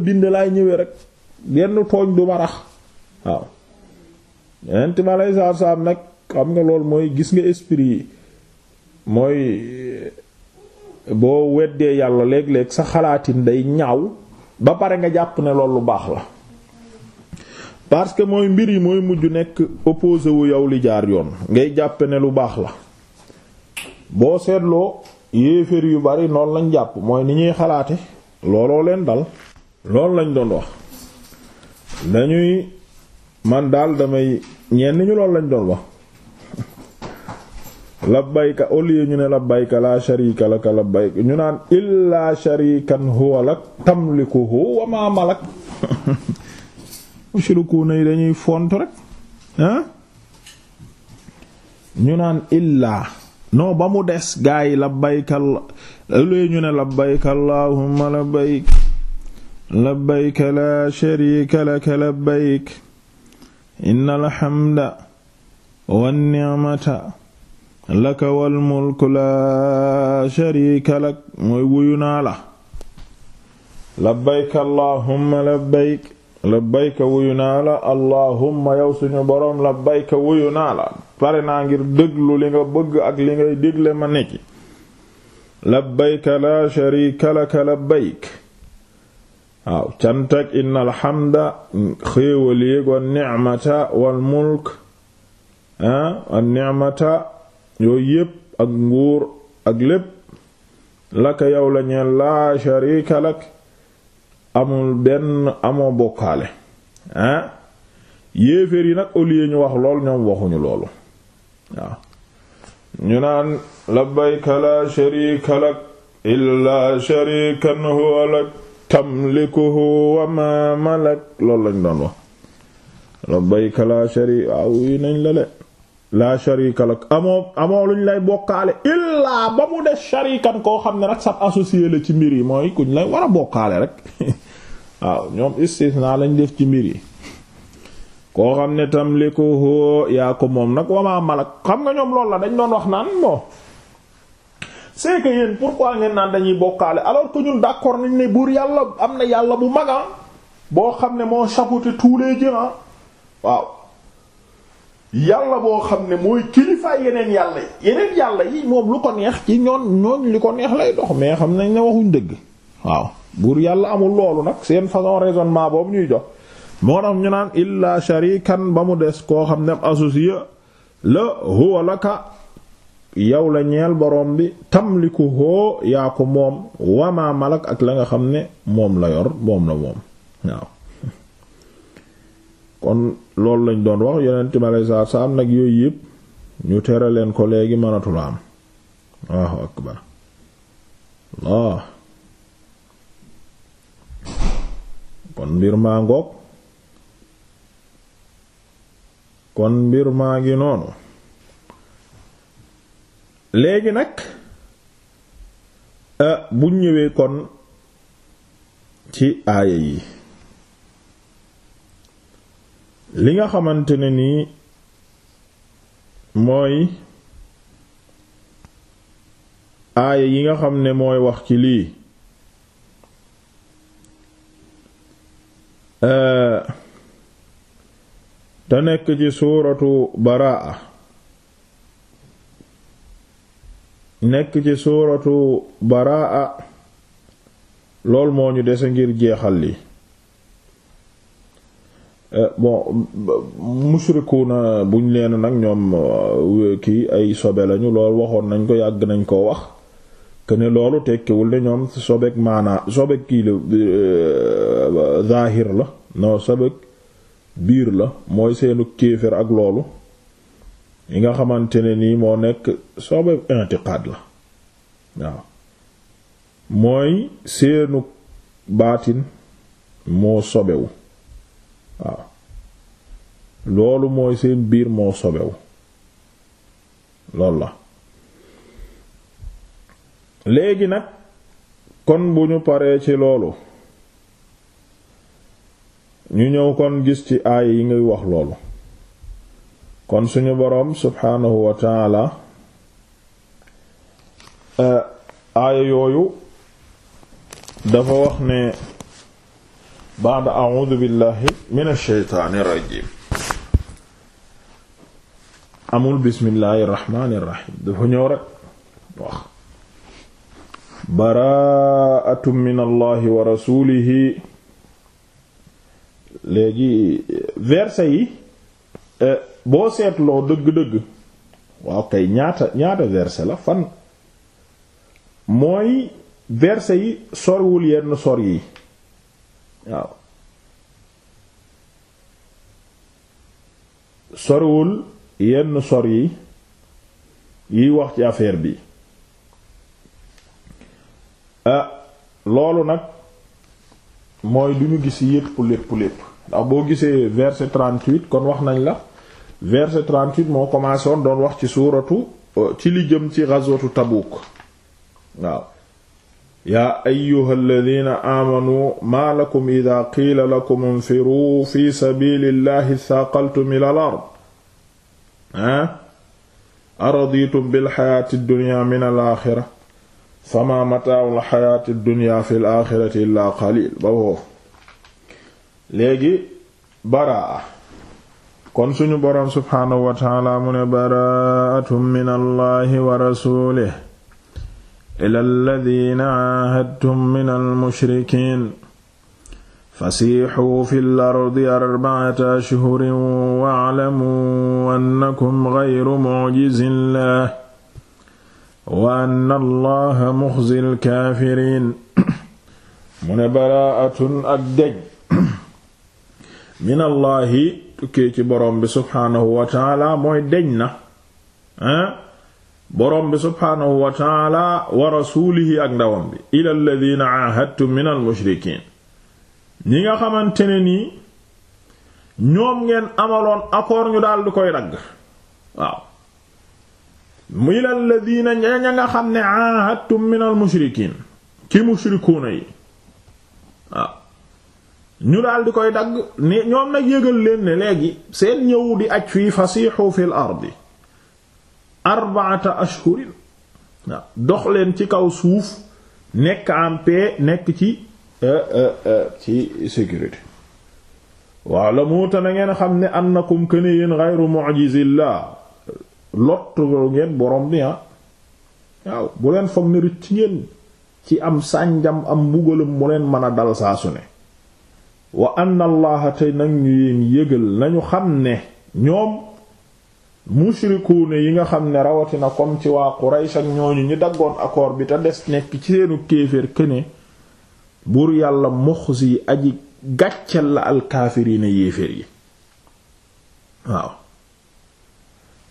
bind laay ñëwee rek benn tooñ du ma rax waaw yeneen time lay saab nag xam nga loolu mooy gis nga esprit yi mooy boo weddee yàlla léeg-léeg sa xalaatin day ñaaw ba pare nga jàpp ne lool lu baax la parce que mooy mbir yi mooy mujj nekk opposé wu yow li jaar yoon ngay jàpp ne lu baax la boo seetloo yéeféer yu bari noonu lañ jàpp mooy ni ñuy xalaate looloo leen dal loolu lañ doon wax dañuy man daal damay ñenn ñu loolu lañ doon wax labbayka au ñu ne labbayka la sharika laka labbayka ñu naan illaa sharikan huwa lak tamlikuhu wa ma malak mushrikuuna yi dañuy font rek ñu naan illaa non ba mu des gaa yi labbayka ñu ne labbayka allahumma labbayk labbayka laa shariika laka labbayk inna alhamda wannicmata laka walmulku laa shariika lak mooy wuyu naa la labbayka allahumma labbayk labbayka wuyu naa la allahumma yow suñu pare naa ngir déglu li nga bëgg ak li ngay dégle ma nekki labbayka laa shariika laka labbayk waaw cant ak innal hamda xéewal yéeg wa ni'mata wal mulk ah, an yooyu yépp ak nguur ak lépp laka yow la ñeen laa sharika lak amul benn amoo bokkaale ah yéeféer yi nag au lieu ñu wax lool ñoom waxuñu loolu waaw ñu naan labbayka laa sharika lak illaa sharikan huwa lak tamlikuhu wa ma malak loolu lañ doon wax labbayka laa sharika waaw yi nañ la le laa sharika lak amoo amoo luñ lay bokkaale illaa ba mu des sharikan koo xam ne rek sab associé la ci mbir yi mooy kuñ lay war a bokkaale rek waaw ñoom istisna lañ def ci mbir yi koo xam ne tamlikuhu yaa ko moom nag wa ma malak xam nga ñoom loolu la dañ doon wax naan moo c'est que yéen pourquoi ngeen naan dañuy bokkaale alors que ñun d'accord nañ ne buur yàlla am na yàlla bu mag ah, boo xam ne moo chapeauté tous les dieux ah, waaw yàlla boo xam ne mooy kilifaay yeneen yàlla yi yeneen yàlla yi moom lu ko neex ci ñoon ñooñ li ko neex lay dox mais xam nañ ne waxuñ dëgg waaw buur yàlla amul loolu nag seen façon raisonnement boobu ñuy jox moo tax ñu naan illa sharikan ba mu des koo xam ne associé la huwa laka yow la ñeel boroom bi tamlikuhu yaa ko moom wamaa malak ak la nga xam ne moom la yor moom la moom waaw kon loolu lañ doon wax yonent mi aleyhi salaatu nag yooyu yëpp ñu tere leen ko léegi mënatula am Allahu akbar Allah kon mbir maa ngoog kon mbir maa ngi noonu léegi nag euh, bu ñëwee kon ci aaya yi li nga xamante ne nii mooy aaya yi nga xam ni mooy wax ci lii euh, te nekk ci suuratu baraa nekk ci suuratu baraa lool moo ñu dese ngir jeexal li eh, bon na buñ leen nag ñoom eh, kii ay sobe lañu lool waxoon nañ ko yàgg nañ koo wax que ne loolu tekkiwul ne ñoom sobeek maanaa sobeek kii la eh, zaahir la non sobeek biir la mooy seenu kéefër ak loolu yi nga xamante ne nii moo nekk soobee intiqaad la waaw mooy seenu baatin moo sobewu waaw loolu mooy seen biir moo sobewu loolu la léegi nag kon bu ñu paree ci loolu ñu ñëw kon gis ci aay yi ngay wax loolu kon suñu boroom subhaanahu wa taala e, aaya yooyu dafa wax ne baada a'uudu billahi min ash-shaytaani rajiim amul bismillahi irrahmaani irrahim dafa ñëw rek wax baraatun min allahi wa rasulihi léegi verset yi e, boo seetloo dëgg-dëgg waaw kay ñaata ñaata verset la fan mooy verset yi sorwul yenn sor yi waaw sorwul yenn sor yi yiy wax ci affaire bi ah, loolu nag mooy duñu gis yépp lépp lépp ndax boo gisee verset 38 kon wax nañ la verset 38 wax ci suuratu euh, ci li jëm ci Tabuk waaw yaa ayyuha alladina aamanu maa ida qiila lakum infiru fi sabilillahi saaqaltum ila al ard araditum bilxayaati dunya min al axira fama mataaul xayaati dunya fi qalil ba woo léegi baraa kon suñu boroom subhaanahu wa taala mu ne baraatum min allahi wa rasulihi ila alladina aahadtum min almushrikiin fasiixuu fi lardi arbacata ashhurin waclamuu annakum gayru mucjizillaah wa anna allaha muxzi alkaafiriin mu ne baraatun ak dej min allaahi tukkee ci borom bi subhaanahu wa taala mooy deñ na ah borom bi subhaanahu wa taala wa rasuulihi ak ndawam bi ila alladhina ahadtum min al mushrikiin ñi nga xamante ne nii ñoom ngeen amaloon accord ñu daal di koy ragg waaw la ila alladhina ña nga xam ne ahadtum min al mushrikiin ci mushrikuuna yi ñu daal di koy dagg ni ñoom nag yëgal leen ne léegi seen ñëw di aj fii fasiixu fil ardi arba'ata ashhurin dox leen ci kaw suuf nekk en nekk ci euh, euh, euh, ci sécurité waaw la muuta na ngeen xam ne annakum këne yéen ghayru mu'jizillah lottu ngeen borom bi ah waaw bu leen foog ne ngeen ci am sànjam am mbugalam mu leen mën a dal saa ne wa anna allaha tey nag ñu yéen yëgal nañu xam ne ñoom mushrikuuna yi nga xam ne rawatina comme ci waa Quraysh ñooñu ñu daggoon accord bi te des nekk ci seenu kéeféer këne buur yàlla muxsi aji gàcceel la alkaafiriina yéeféer yi waaw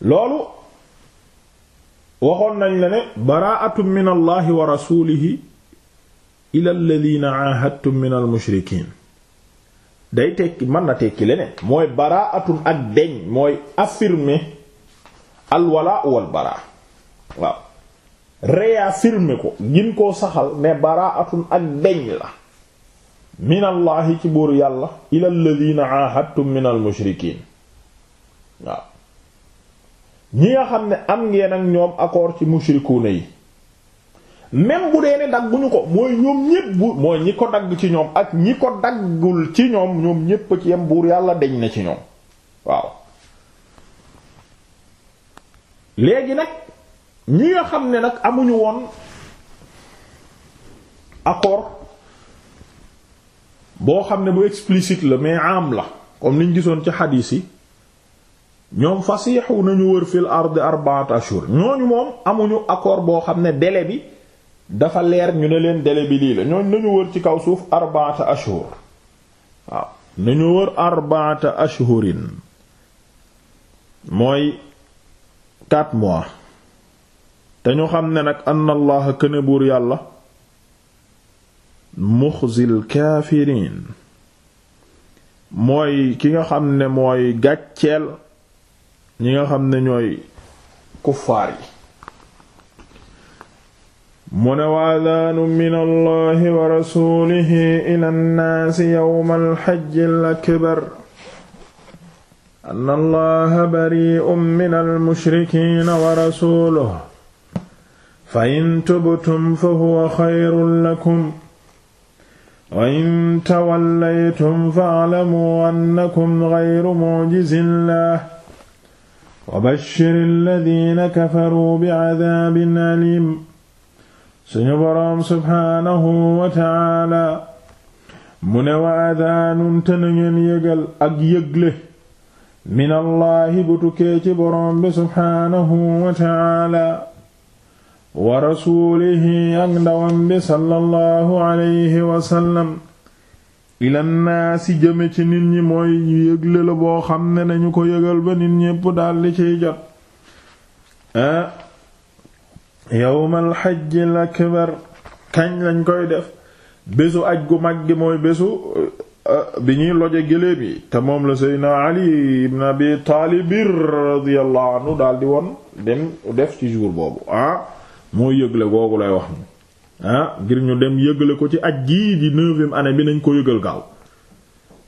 loolu waxoon nañ la ne baraa'atun min allahi wa rasuulihi ila alladhiina min almushrikiin day tekki mën na tekki leneen mooy baraatun ak deñ mooy affirmer alwala wal bara waaw ko gin koo saxal ne baraatun ak deñ la minallahi ci buur yàlla ila alladhina ahadtum min al mushrikin waaw ñi nga xam ne am ngeen ak ñoom accord ci mushrikuuna yi même bu dee ne dagguñu ko mooy ñoom ñépp bu mooy ñi ko dagg ci ñoom ak ñi ko daggul ci ñoom ñoom ñépp a ci yem buur yàlla deñ na ci ñoom waaw léegi nag ñi nga xam ne nag amuñu woon accord boo xam ne bu explicite la mais am la comme niñ gisoon ci xadiis yi ñoom fasiixu nañu wër fil ard arba'at ashhur ñooñu moom amuñu accord boo xam ne délai bi dafa leer ñu ne leen délai bi lii la ñooñ nañu wër ci kaw suuf arbaata ashhur waaw nañu wër arbaata ashhurin mooy quatre mois te ñu xam ne nag anna këne buur yàlla muxzil kaafiriin mooy ki nga xam ne mooy gàcceel ñi nga xam ne ñooy kuffaar yi mu ne wa adaanu min allahi wa rasulihi ila nnaasi yowma alxajji al akbar anna allaha bari'un min almushrikiina wa rasuluhu fa in tubtum fa huwa xayrun lakum wa in tawallaytum fa'lamuu annakum xayru mu'jizillaah wa bashshiril ladiina kafaruu bi'adaabin aliim suñu boroom subhaanahu wa mu ne wa adaanun te ngeen yëgal ak yëgle minallaahi bu tukkee ci boroom bi subhaanahu wa taala wa rasuulihi ak ndawam bi alayhi wasallam ilannaasi jëme ci nit ñi mooy yëgle la boo xam ne nañu ko yëgal ba nit ñépp daldi ciy jot yowmal xajjil akbar kañ lañ koy def bésu aj gu mag gi mooy bésu euh, euh, bi ñuy loje géléem yi te moom la seydna ali ibn abi taalib radiyallahu anhu daldi woon dem def ci jour boobu ah moo yëgle googu lay wax ni ah ngir ñu dem yëgle ko ci aj gii di neuvième année bi nañ ko yëgal gaaw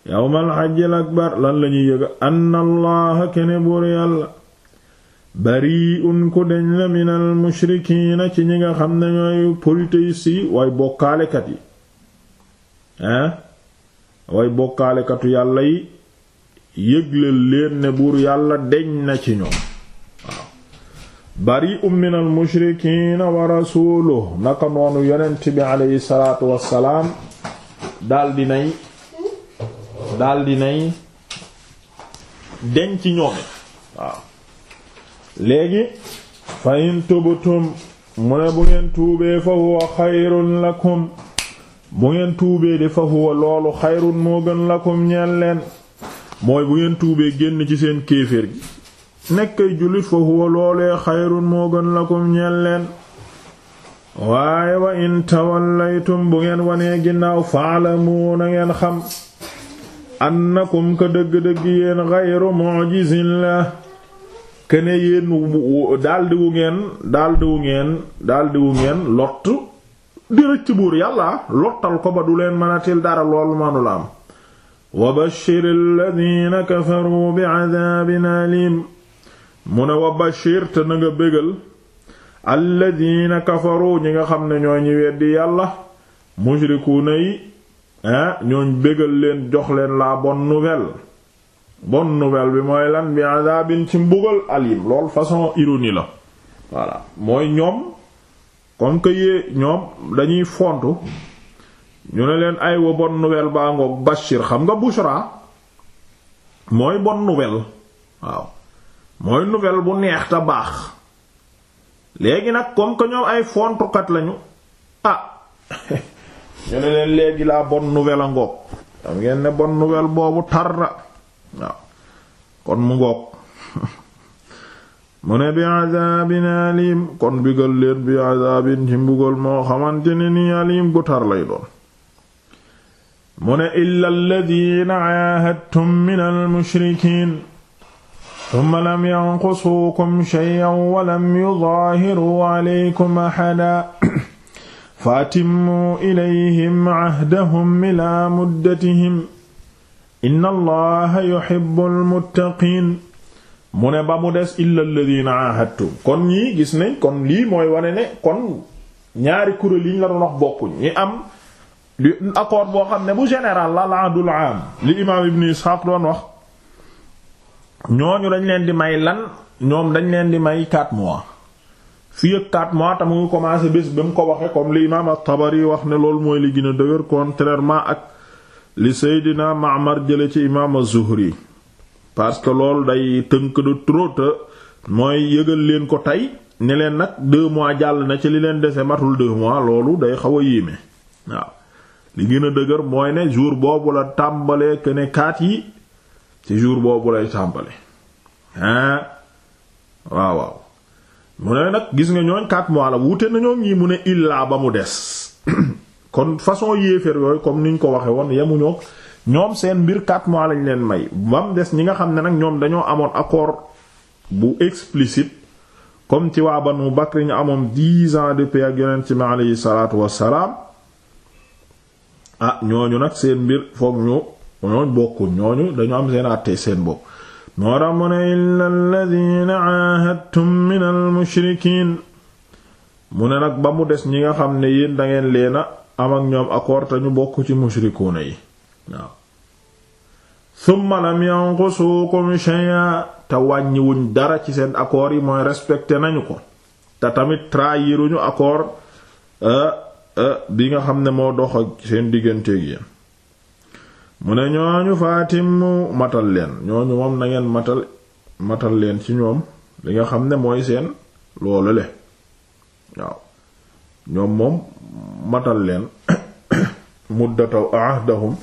yowmal xajjil akbar lan lañuy yëgal anna kene buur yàlla bari'un ku deñ minal mushrikiina ci ñi nga xam ne ñooy polythéistes yi way bokkaalekat yi hein way bokkaalekatu ne buur yàlla deñ na ci ñoom waaw bari'un minal mushrikiina wa rasuuluhu naka noonu yonent bi aleyhi salaatu wassalaam daldi nay daldi nay deñ ci ñoom léegi fa in tubtum mu ne bu ngeen tuubee fa huwa xayrun lakum bu ngeen tuubee di fa huwa loolu xayrun moo gën lakum ñeel mooy bu ngeen tuubee génn ci seen kéeféer gi nekkay jullit fa huwa loolee xayrun moo gën lakum ñeel waaye wa in tawallaytum bu ngeen wanee ginnaaw faalamu na ngeen xam annakum ka dëgg-dëgg yéen xayru mu'jizillah kene yéen daldi wu ngeen daldi wu ngeen daldi ngeen lott di rëcc buur yàlla lottal ko ba du leen mënatil dara lool manula am wa bashir alladina kafaru bi adabin alim mu ne wa bashir te na nga bégal alladina kafaru ñi nga xam ne ñoo ñi weddi yàlla mushrikuuna yi ah ñooñ bégal leen jox leen la bonne nouvelle bonne nouvelle bi mooy lan bi azabin ci mbugal alim lool façon ironie la voilà mooy ñoom comme que yee ñoom dañuy fontu ñu ne leen aywa bonne nouvelle baa ngoog bashir xam nga bushra mooy bonne nouvelle waaw mooy nouvelle bu neex te baax léegi nag comme que ñoom ay fontukat lañu ah ñu ne leen léegi laa bonne nouvelle a ngoog xam ngeen ne bonne nouvelle boobu tar waaw kon mu ngoog mu ne bi àddaabin aliim kon bigal leen bi àddaabin ci mbugal moo xamante ne ni aliim gu tar lay doon mu ne illa alladina aahadtum min almushrikiin tumma lam yanqusuukum shay'an wa lam yudaahiruu alaykum ahadan fa atimmu ilayhim ahdahum ilaa muddatihim inna allaha yuhibbul muttaqiin mu ne ba mu des illa alladhina ahadtum kon ñii gis nañ kon lii mooy wane ne kon ñaari kuréel yi ñu la doon wax bokkuñ am lu accord boo xam ne bu général la laadul am li imaam ibn Ishaq doon wax ñooñu dañ leen di may lan ñoom dañ leen di may 4 mois fii ak 4 mois te mu ngi commencé bés ba mu ko waxee comme li imaam at-Tabari wax ne loolu mooy li gën a dëgër contrairement ak li Seydina Ma'mar jële ci imaam az-Zuhri parce que loolu day tënk du trop mooy yëgal leen ko tey ne leen nag deux mois jàll na ci li leen dese matul deux mois loolu day xaw a yéeme waaw li gën a dëgër mooy ne jour boobu la tàmbalee que ne kaat yi ci jour boobu lay tàmbale hein waaw waaw mu ne nag gis nga ñooñ quatre mois la wute na ñoom ñi mu ne illaa ba mu des kon façon yéeféer yooyu comme ni ko waxe woon yemuñoo ñoom seen mbir 4 mois lañ leen may bam des ñi nga xam ne nag ñoom dañoo amoon accord bu explicite comme ci waa bakk Bakr ñu amoon 10 ans de paix ak yonent ci ma aleyhi salaatu wassalaam ah ñooñu nag seen mbir foog ñu ñooñ bokkuñ ñooñu dañu am seen àttee seen bopp moo tax mu ne illa alladhina aahadtum min al mu ne nag ba mu des ñi nga xam ne yéen dangeen leena am ak ñoom accord te ñu bokk ci mushrikuuna yi waaw summa lam yanqusukum shay'a te wàññiwuñ dara ci seen accord yi mooy respecté nañu ko te tamit trahiruñu accord euh, euh, bi nga xam ne moo dox ak seen digganteeg yi mu ne ñooñu faatimu matal leen ñooñu moom na matal matal leen ci ñoom li nga xam ne mooy seen loolu le waaw ñoom moom matal leen muddata ahdahum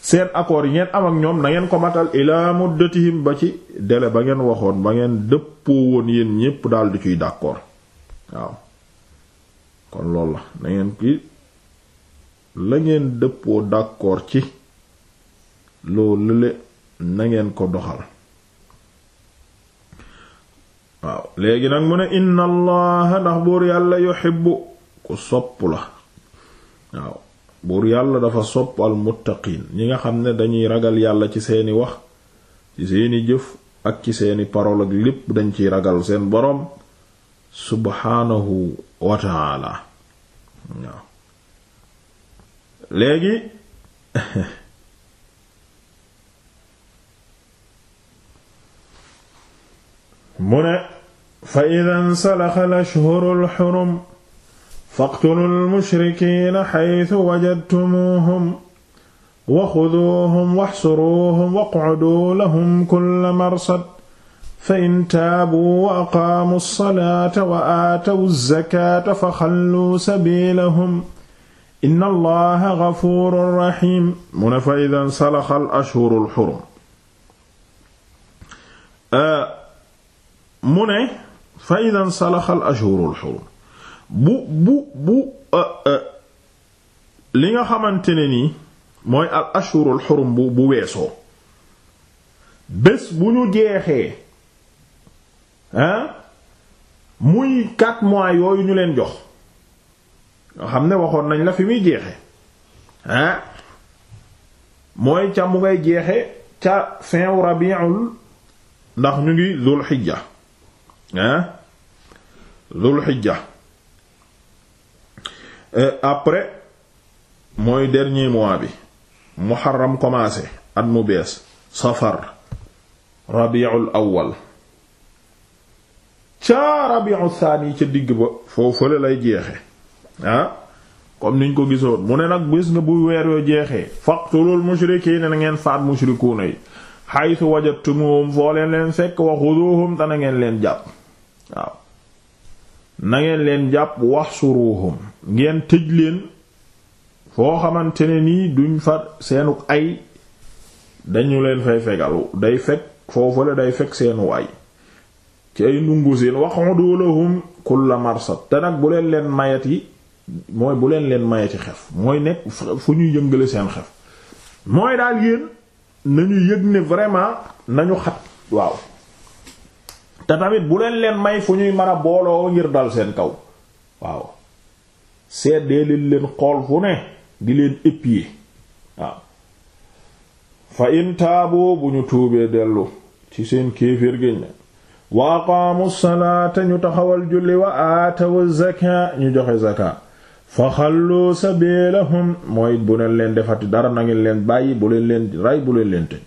seen accord yi ngeen am ak ñoom na ko matal ilaa muddatihim ba ci délai ba ngeen waxoon ba ngeen dëppoo woon yéen ñépp daal di ciy d'accord waaw kon loolu la na ki la ngeen dëppoo d'accord ci loolu le na ko doxal waaw léegi nag mu ne inna ndax buur yàlla yuhibbu ku sopp la waaw buur yàlla dafa sopp al muttaqiin ñi nga xam ne dañuy ragal yàlla ci seeni wax ci seeni jëf ak ci seeni parole ak lépp dañ ciy ragal seen boroom subhaanahu wa taala waaw léegi mu ne fa idan ashhurul xurum faqtulu lmushrikiina xaytu wajadtumuuhum wa xuduuhum waxsuruuhum waqcuduu lahum kulla marsad fa in taabuu wa aqaamu lsalaata wa aatawu zakaata fa xalluu sabiilahum inna allaha gafuurun raxiim mu ne fa idan salaxa al ashhuru lxurum mu ne fa idan salaxa al ashhuru lxurum bu bu bu uh, uh, li nga xamante ne nii mooy al ashurul xurum bu bu weesoo bés bu ñu jeexee hein muy quatre mois yooyu ñu leen jox nga xam ne waxoon nañ la fi muy jeexe hein mooy ca mu ngay jeexe ca fin rabiul ndax ñu ngi zul xijja hein zul Euh, après mooy dernier mois bi muharram commencé at mu bees safar rabiul awwal ca rabiul thani ca digg ba foofu la lay jeexe ah comme niñ ko gisoon mu ne nag bis nga bu weer yoo jeexee faqtulul mushrikiina na ngeen faat mushrikuuna yi haythu wajadtumuhum foo leen leen fekk wa xuduhum te na leen jàpp waaw na leen jàpp wax suruhum ngeen tëj leen foo xamante ne nii duñ fa seenu ay dañu leen fay fegal day fekk foofu la day fekk seenu ay ci ay ndungu seen waxudu lahum kulla marsad te nag bu leen leen yi mooy bu leen leen mayati xef mooy nekk fu ñuy yëngale seen xef mooy daal yéen nañu yëg ne vraiment nañu xat waaw te tamit bu leen leen may fu ñuy mën a booloo ngir dal seen kaw waaw seddee leen leen xool fu ne di leen épier waaw fa in taaboo bu ñu tuubee dellu ci seen kéeféer géñ ne wa aqaamu salaata ñu taxawal julli wa aatawu zaka ñu joxe zaka fa xallu sabeelahum mooy bu leen defar defati dara na ngeen leen bàyyi bu leen leen rey bu leen leen tëj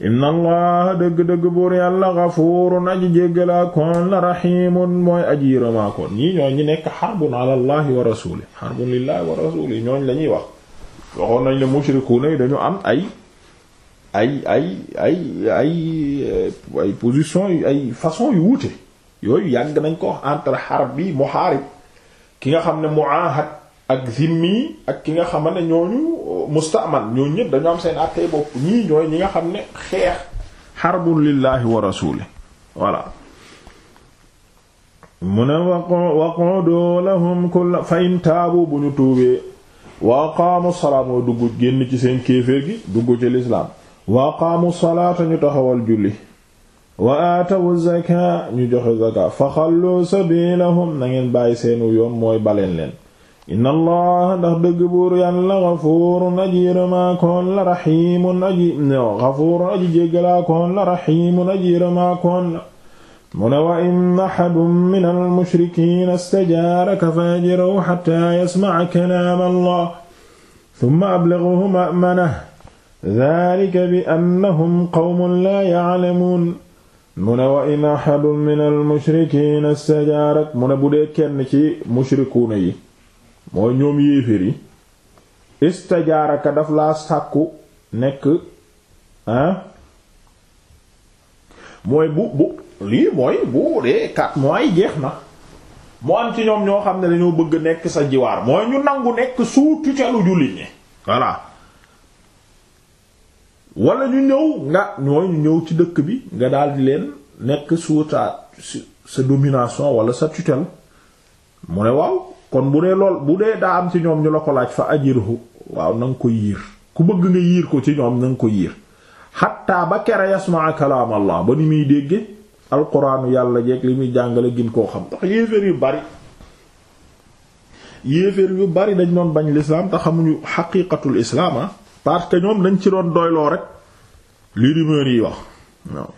inna allah dëgg-dëgg buur yàlla gafuurun aji jéggalaa koon la raximun mooy aji yërëmaa koon ñii ñooy ñi nekk xarbun ala allahi wa rasuli xarbun lillahi wa rasuli ñooñ lañuy wax waxoon nañ le mushrikuuna yi dañu am ay ay ay ay ay ay position yu ay façon yu wuute yooyu yàgg nañ ko wax entre xarb bi muhaarib ki nga xam ne muahad ak zimmi ak ki nga xam ne ñooñu euh, musta'man ñooñu ñëpp dañoo am seen àttee bopp ñii ñooy ñi nga xam ne xeex xarbun lillahi wa rasuli voilà mu ne waqudu lahum kulla fa in bu ñu tuubee wa aqaamu salaa mooy dugg génn ci seen kéeféer gi dugg ci lislaam wa aqaamu salaata ñu taxawal julli wa aatawu zaka ñu joxe zaka fa xallu sabilahum na bàyyi seenu yoon mooy baleen leen inna allah ndax dëgg buur yàlla gafuurun aji yërëmaa koon la raxiimun aji gafuurun aji jéggalaa koon la raxiimun aji yërëmaa koon la mu ne wa in ahadun min almushrikiina istajaaraka faajirahu xataa yasmaca kalaam allah summa ablighu ma'manah daalika bi annahum qawmun laa ya'lamuun mu ne wa in ahadun min almushrikiina istajaaraka mu ne bu dee kenn ci mushrikuuna yi mooy ñoom yéeféer yi istajaaraka daf laa sàkku nekk hein mooy bu bu lii mooy bu dee quatre mois yi jeex na mu am ci ñoom ñoo xam ne dañoo bëgg nekk sa jiwaar mooy ñu nangu nekk sous tutelle jullit ñi voilà ñu ñëw nga ñooy ñu ñëw ci dëkk bi nga daal di leen nekk sous ta sa domination wala sa tutelle mu ne waaw kon bu dee lool bu dee daa am ci ñoom ñu la ko laaj fa ajirhu waaw na nga ko yiir ku bëgg nga yiir ko ci ñoom na nga ko yiir xatta ba kere yasmaa kalaam ba ni muy dégge alquraanu yàlla jeeg li muy jàngale gin koo xam ndax yéeféer yu bari yéeféer yu bari dañ doon bañ lislaam te xamuñu xaqiiqatul islaam ah parce que ñoom dañ ci doon doyloo rek li rumeur yi wax waaw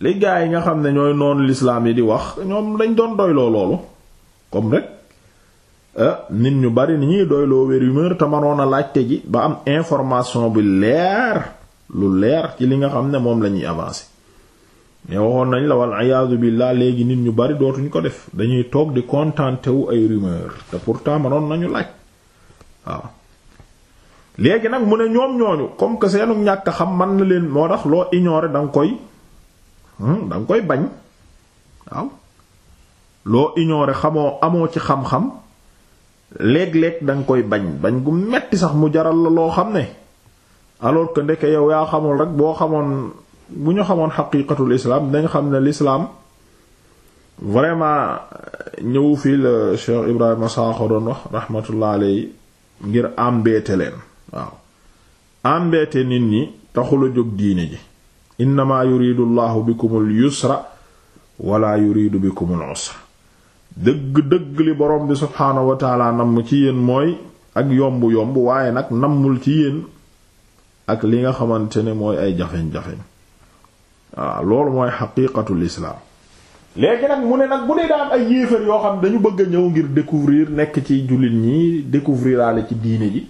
li gaa yi nga xam ne ñooy noonu lislaam yi di wax ñoom dañ doon doyloo loolu comme Euh, nit ñu bari ni ñuy doyloo wér humeur te manoon a laajte ji ba am information bi leer lu leer ci li nga xam ne moom la ñuy avancer mais waxoon nañ la wal iyaadu billah léegi nit ñu bari dootuñ ko def dañuy toog di contenté wu ay rumeur te pourtant nañu laaj waaw léegi nag mu ne ñoom ñooñu comme que seenu ñàkk xam man na leen moo tax loo ignorer da koy hmm, danga koy bañ waaw loo ignorer xamoo amoo ci xam-xam léeg-léeg da koy bañ bañ gu metti sax mu jaral la loo xam ne alors que ndeke yow yaa xamul rek boo xamoon bu ñu xamoon xaqiiqatul islaam dañ xam ne l'islaam vraiment euh, ñëwu fii la Cheikh Ibrahima Sakho doon wax rahmatullah alayhi ngir embêter leen waaw embêter nit ñi taxula jóg diine ji innama yuridu llahu bikumul yusra wala yuridu bikumul usra dëgg-dëgg li borom bi subhaanahu wa taala namm ci yéen mooy ak yomb-yomb waaye nag nammul ci yéen ak li nga xamante ne mooy ay jafeñ-jafeñ waaw loolu mooy xaqiiqatul islaam léegi nag mu ne nag bu dee daan ay yéefar yoo xam ne dañu bëgg a ñëw ngir découvrir nekk ci jullit ñi découvrir ale ci diine ji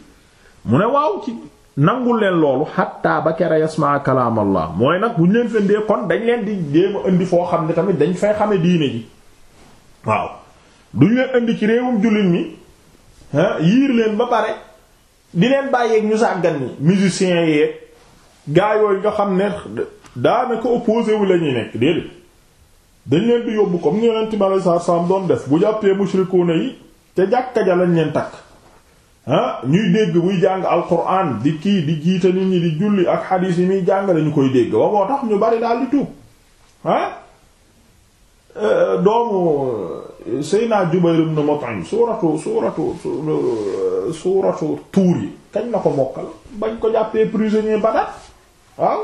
mu ne waaw ci nangul leen loolu xatta ba kera yasmaa kalaamallah mooy nag bu ñu leen fendee kon dañ leen di jéem a indi foo xam ne tamit dañ fay xame diine ji waaw duñ leen indi ci réewum jullit mi yiir leen ba pare di leen bàyyeeg ñu sàggan ñi musiciens yee gaa yooyu nga xam ne daanaka opposé wu la ñuy nekk déedéet dañ leen di yóbbu ko mu yonent bi alei satu doon def bu jàppee mushrikuuna yi ca jàkka ja lañ leen takk ñuy dégg buy jàng alquran di kii di jiite nit ñi di julli ak xadiis yi muy jàng lañu koy dégg ba tax ñu bari daal di tuub doomu Seydina Jubayr ibn Mut'im suuratu suuratu suuratu tuur yi kañ la ko mokkal bañ ko jàppee prisonnier Badr waaw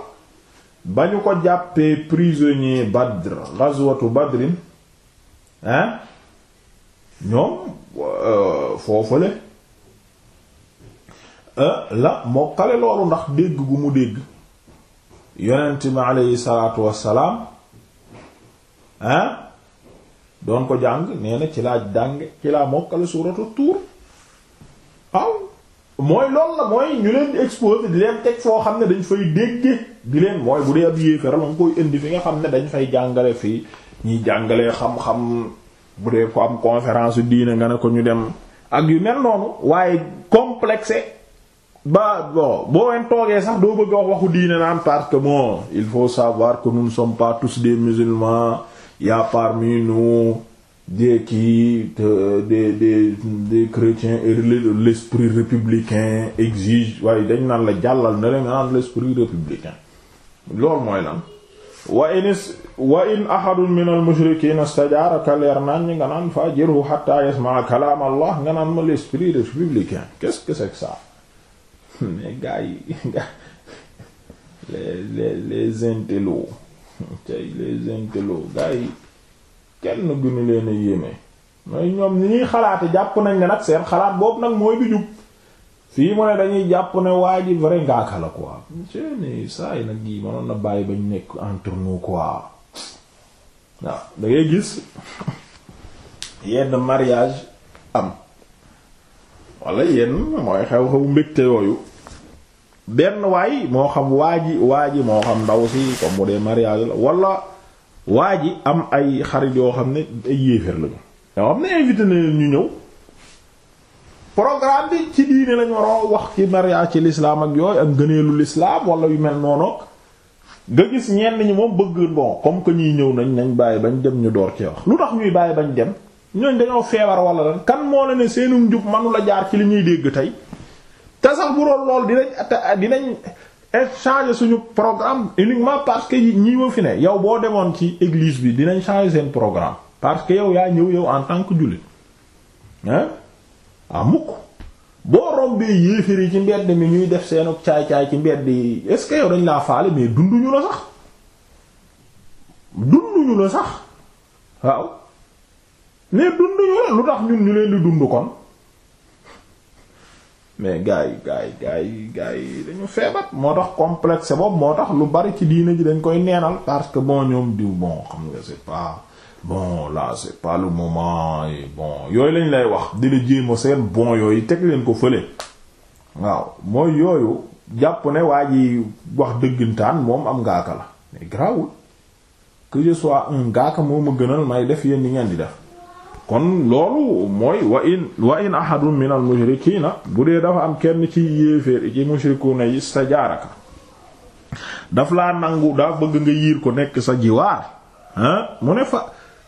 bañu ko jàppee prisonnier Badr ghazwatu Badrin hein ñoom euh, foofale euh, la mokkale loolu ndax dégg gu mu dégg yonent mi aleyhi wassalaam ah doon ko jàng nee ci laaj jàng ci laa mokkale suuratu tuur waaw mooy loolu la mooy ñu leen di di leen teg foo xam ne dañ fay dégge di leen mooy bu dee ab yéeféra la nga koy indi fi nga xam ne dañ fay jàngale fii ñuy jàngale xam-xam bu dee ko am conférence diine nga ne ko ñu dem ak yu mel noonu waaye complexé ba bon boo leen toogee sax doo bëgg wax waxu diine naan parce que bon il faut savoir que nous ne pas tous des musulmans y a parmi nous des qui des des des chrétiens et l'esprit républicain exige waaye dañ naan la jàllal na la nga naan l'esprit républicain loolu mooy lan wa in wa in ahadun min al mushrikiina istajaaraka leer naan ñi nga naan fa ajirhu hatta yasma'a kalaam allah nga naan ma l'esprit républicain qu'est-ce que c'est ça mais gars yi les les les intellos tey les intello gars yi kenn gënu leen yéeme mooy ñoom ni ñuy xalaate jàpp nañ ne nag seen xalaat boobu nag mooy bi jub fii mu ne dañuy jàpp ne waa ji vrai ngaaka la quoi seeni saa nag yi mënoon na bàyyi bañ nekk entre nous quoi waaw da gis yenn mariage am wala yenn mooy xew-xewu mbégte yooyu benn waay moo xam waa ji waa ji moo xam ndaw si comme bu dee mariage la wala waa ji am ay xarit yoo xam ne ay yéeféer lañu yoo xam ne ñu ñëw programme bi ci diine lañu war wax ci mariage ci ak yooyu ak gëneelu l'islam wala yu mel noonu nga gis ñenn ñi moom bëgg bon comme que ñuy ñëw nañ nañ bàyyi bañ dem ñu door ci wax lu tax ñuy bàyyi bañ dem ñooñ dañoo feebar wala lan kan moo la ne seenum njub mënu la jaar ci li ñuy dégg tey te sax bu doon lool dinañ dinañ changer suñu programme uniquement parce que ñi ma fi ne yow boo demoon ci église bi dinañ changer seen programme parce que yow yaa ñëw yow en tant que jullit hein ah mukk boo rombee yéeféer yi ci mbedd mi ñuy def seenu caay-caay ci mbedd yi est-ce que dañ laa faale mais dunduñu la sax dunduñu la sax waaw mais dunduñu la lu tax ñun ñu leen di dund kon mais gars yi gars yi gars yi gars yi dañu feebar moo tax complexe boobu moo tax lu bari ci diina ji dañ koy neenal parce que bon ñoom diw bon xam nga c'est pas bon là c'est pas le moment yooyu lañ lay wax di la seen bon yooyu teg leen ko fële waaw mooy yooyu jàpp ne waa ji wax dëggantaan moom am ngaaka la mais grawul que je sois ngaaka moo ma gënal may def yéen ñi ngeen di def kon loolu mooy wa in wa in ahadun min al bu dee dafa am kenn ci yéeféer ci mushrikuuna yi istajaaraka daf laa nangu daa bëgg nga yiir ko nekk sa jiwaar ah mu ne fa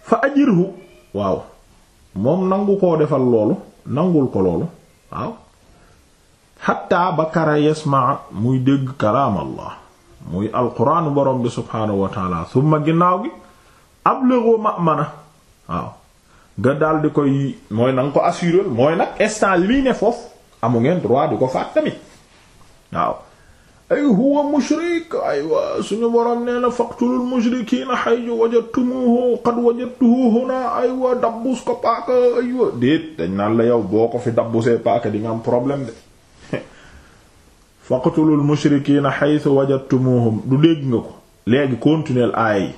fa ajirhu waaw moom nangu koo defal loolu nangul ko loolu waaw xatta ba kara yasmaa muy dégg kalaam allah muy alquraanu borom bi subhaanahu wa taala summa ginnaaw gi ablighu ma'mana waaw nga daal di koy mooy na nga ko assurer mooy nag instant li muy ne foofu amu ngeen droit di ko faat tamit waaw ay huwa mushrik aywa suñu borom nee na faqtulul mushrikiina haythu wajadtumuuhu qad wajadtuhu huna aywa dabbus ko paaka aywa dañ naan la yow boo ko fi dabbusee paaka di nga am problème de faqtulul mushrikiina haythu wajadtumuuhum du dégg nga ko léegi continuer aaya yi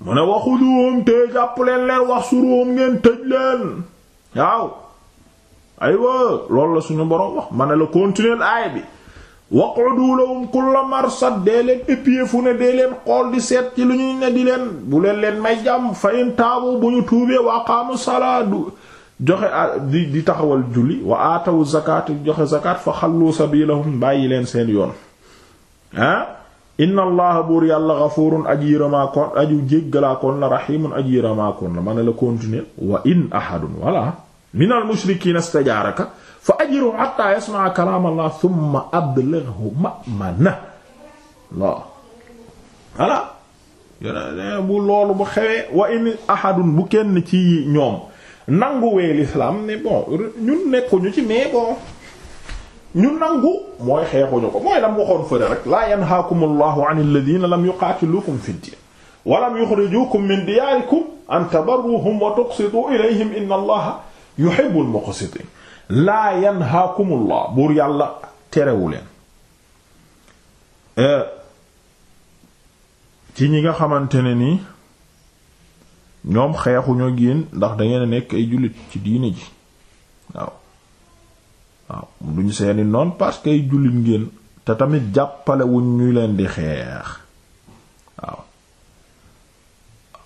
mu ne waxuduhum te jàpp leen leen wax suruhum ngeen tëj leen waaw aywa loolu la suñu boroom wax ma ne la continuer aay bi waqudu lahum kulla marsad dee leen épier fu ne dee leen xool di seet ci lu ñuy ne di leen bu leen leen may jàmm fa in bu ñu tuubee wa aqaamu salaa du joxe di di taxawal julli wa aatawu zakat joxe zakat fa xallu sabilahum bàyyi leen seen yoon ah inna allaha buur yàlla ghafuurun aji yërëmaakoon aju jéggalaakoon la rahimun aji yërëmaakoon la mën a la continuer wa in ahadun wala min al mushrikiina fa ajirhu hatta yasma'a kalaam allah thumma ablighhu ma'mana la wala bu loolu bu xewee wa in ahadun bu kenn ci ñoom nanguwee lislaam ne bon ñun nekkuñu ci mais bon ñu nangu mooy xeexuñu ko mooy lam waxoon fëre rek laa yanhaakumullahu anil wa lam yuxrijukum min diyaarikum an tabarruhum wa tuqsitu ilayhim inna allaha yuhibbul muqsitin laa yanhaakumullah buur yàlla terewu leen euh, ci ñi nga xamante ne nii ñoom xeexuñoo génn ndax da ngeen nekk ay jullit ci diine ji waaw waaw duñ seeni noon parce que ay jullit ngeen te tamit jàppale wuñ ñu leen di xeex waaw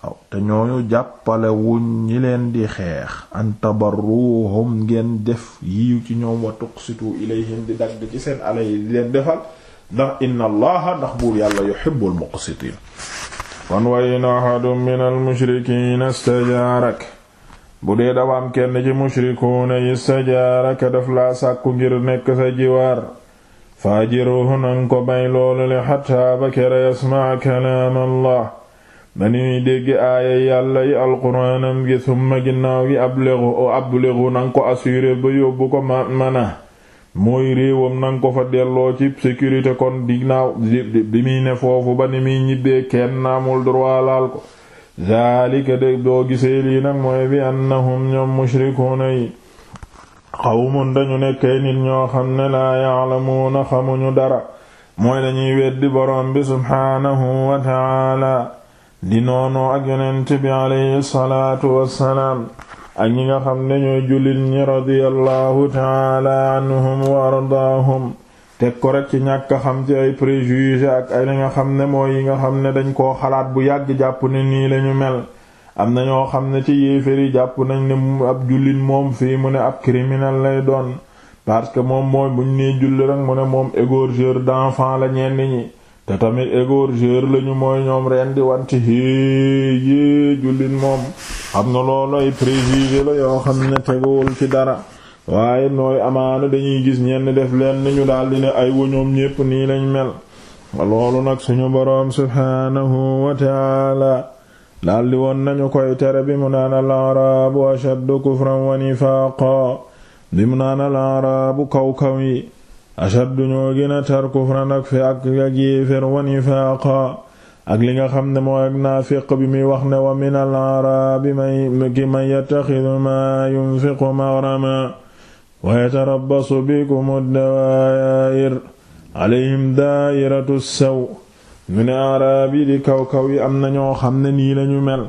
waaw te ñooñu jàppale wuñ ñi leen di xeex an tabarruhum ngeen def yiw ci ñoom wa tuqsitu ilayhim di dagg ci seen alal yi di leen defal ndax inna allaha ndax buur yàlla yuhibbul muqsitin kon wa in ahadun minal mushrikiina bu dee dafa am kenn ci mushrikuuna yi stajaaraka daf laa sàkku ngir nekk sa jiwaar faajiruhu nan ko bay loolu li xataa ba kere yasmaa kalaam allah ba ni ñuy dégg aaya yàlla yi alquraanam gi summa ginnaaw gi ablexu o nan ko assuré ba yóbbu ko ma mana mooy réewam nan ko fa delloo ci sécurité kon dignaaw bi muy ne foofu ba ni muy ñibbee kenn naamul droit ko daalika de boo gisee lii nag mooy bi annahum ñoom mushrikuuna yi qawmun dañu nekkay nit ñoo xam ne laa ya'lamuuna xamuñu dara mooy dañuy weddi boroom bi subhaanahu wa ta'aala di noonoo ak yonent bi alayhi salaatu wassalaam ak ñi nga xam ne ñooy jullit ñi radiyallahu ta'aala anhum wa ardaahum teg ko rek ci ñàkk xam ci ay préjugé ak ay nga xam ne mooy yi nga xam ne dañ koo xalaat bu yàgg jàpp ne nii lañu mel am na ñoo xam ne ci yéeféer yi jàpp nañ ne ab jullit moom fii mu ne ab criminel lay doon parce que moom mooy buñ nee julli rek mu ne moom égorgeur d'enfants la ñenn ñi te tamit égorgeur lañu mooy ñoom ren di wante hée yée jullit moom xam na loolu ay préjugé la yoo xam ne teguwul ci dara waaye nooy amaana dañuy gis ñenn def leen ñu daldi ne ay woñoom ñépp nii lañ mel loolu nag suñu boroom subhaanahu wa taala daldi woon nañu koy tere bi mu naan al-araabu ashaddu kufran wa nifaaqa bi mu naan al kaw-kaw yi ashaddu ñoo gën tar kufran ak fi ak ak yéefér wa nifaaqa ak li nga xam ne mooy ak naafiq bi muy wax ne wa min al-araabi may yattaxidu ma yunfiqu maghraman wa yatarabbasu bikum ad-dawaa'ir alayhim daa'iratu saw ñu ne araab yi di kaw-kaw yi am na ñoo xam ne nii lañu mel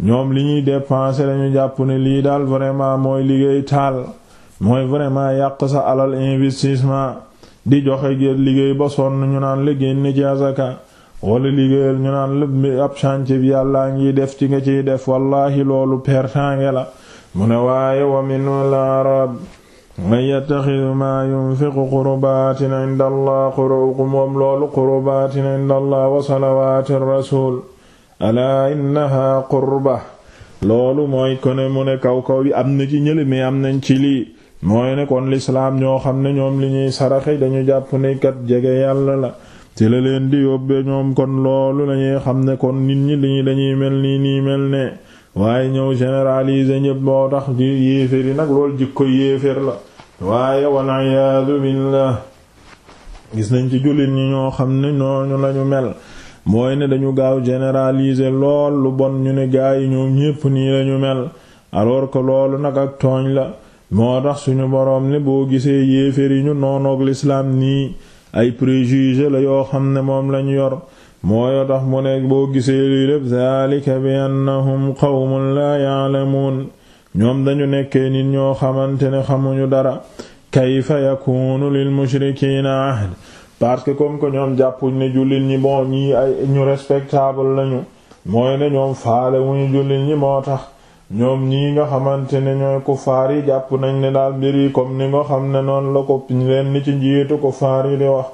ñoom li ñuy dépenser lañu jàpp ne lii daal vraiment mooy liggéey taal mooy vraiment yàq sa alal investissement di joxe géer liggéey ba sonn ñu naan la génn ci azaka wala liggéeyal ñu naan la ab chantier yàllaa ngi def ci nga ciy def wallaahi loolu pertange la mu ne waaye wa minul arab man yattaxidu ma yunfiqu qurbaatin inda allah moom loolu qurbaatin inda allah wa salawaati rasul alaa innaha qurba loolu mooy kone mu ne kaw kaw yi am na ci ñële mi am nañ ci lii mooy ne kon lislaam ñoo xam ne ñoom li ñuy saraxe dañu jàpp ne jege yàlla la ci la leen di yóbbe ñoom kon loolu lañuy xam ne kon nit ñi li dañuy mel nii nii mel ne waaye ñëw généraliser ñépp moo tax yéeféer yi nag loolu jikko yéeféer la waaye waliyaadu billah gis nañ ci jullit ñi ñoo xam ne ñooñu lañu mel mooy ne dañu gaaw généraliser lool lu bon ñu ne gaa yi ñoom ñépp nii lañu mel alors ko loolu nag ak tooñ la moo tax suñu boroom ne boo gisee yéeféer yi ñu noonoog lislaam nii ay préjugé la yoo xam ne moom lañu yor mooyo tax mu ne boo gisee lii lépp zaalika bi annahum qawmun laa ya'lamuun ñoom dañu nekkee nit ñoo xamante ne xamuñu dara kayfa yakunu lil mushrikiina ahd parce que comme que ñoom jàppuñ ne jullit ñi bon ñi ay ñu respectable lañu mooy ne ñoom faale wuñu jullit ñi moo tax ñoom ñii nga xamante ne ñooy ko yi jàpp nañ ne daal mbir comme ni nga xam ne noonu la ko leen ni ci njiitu kufaar yi di wax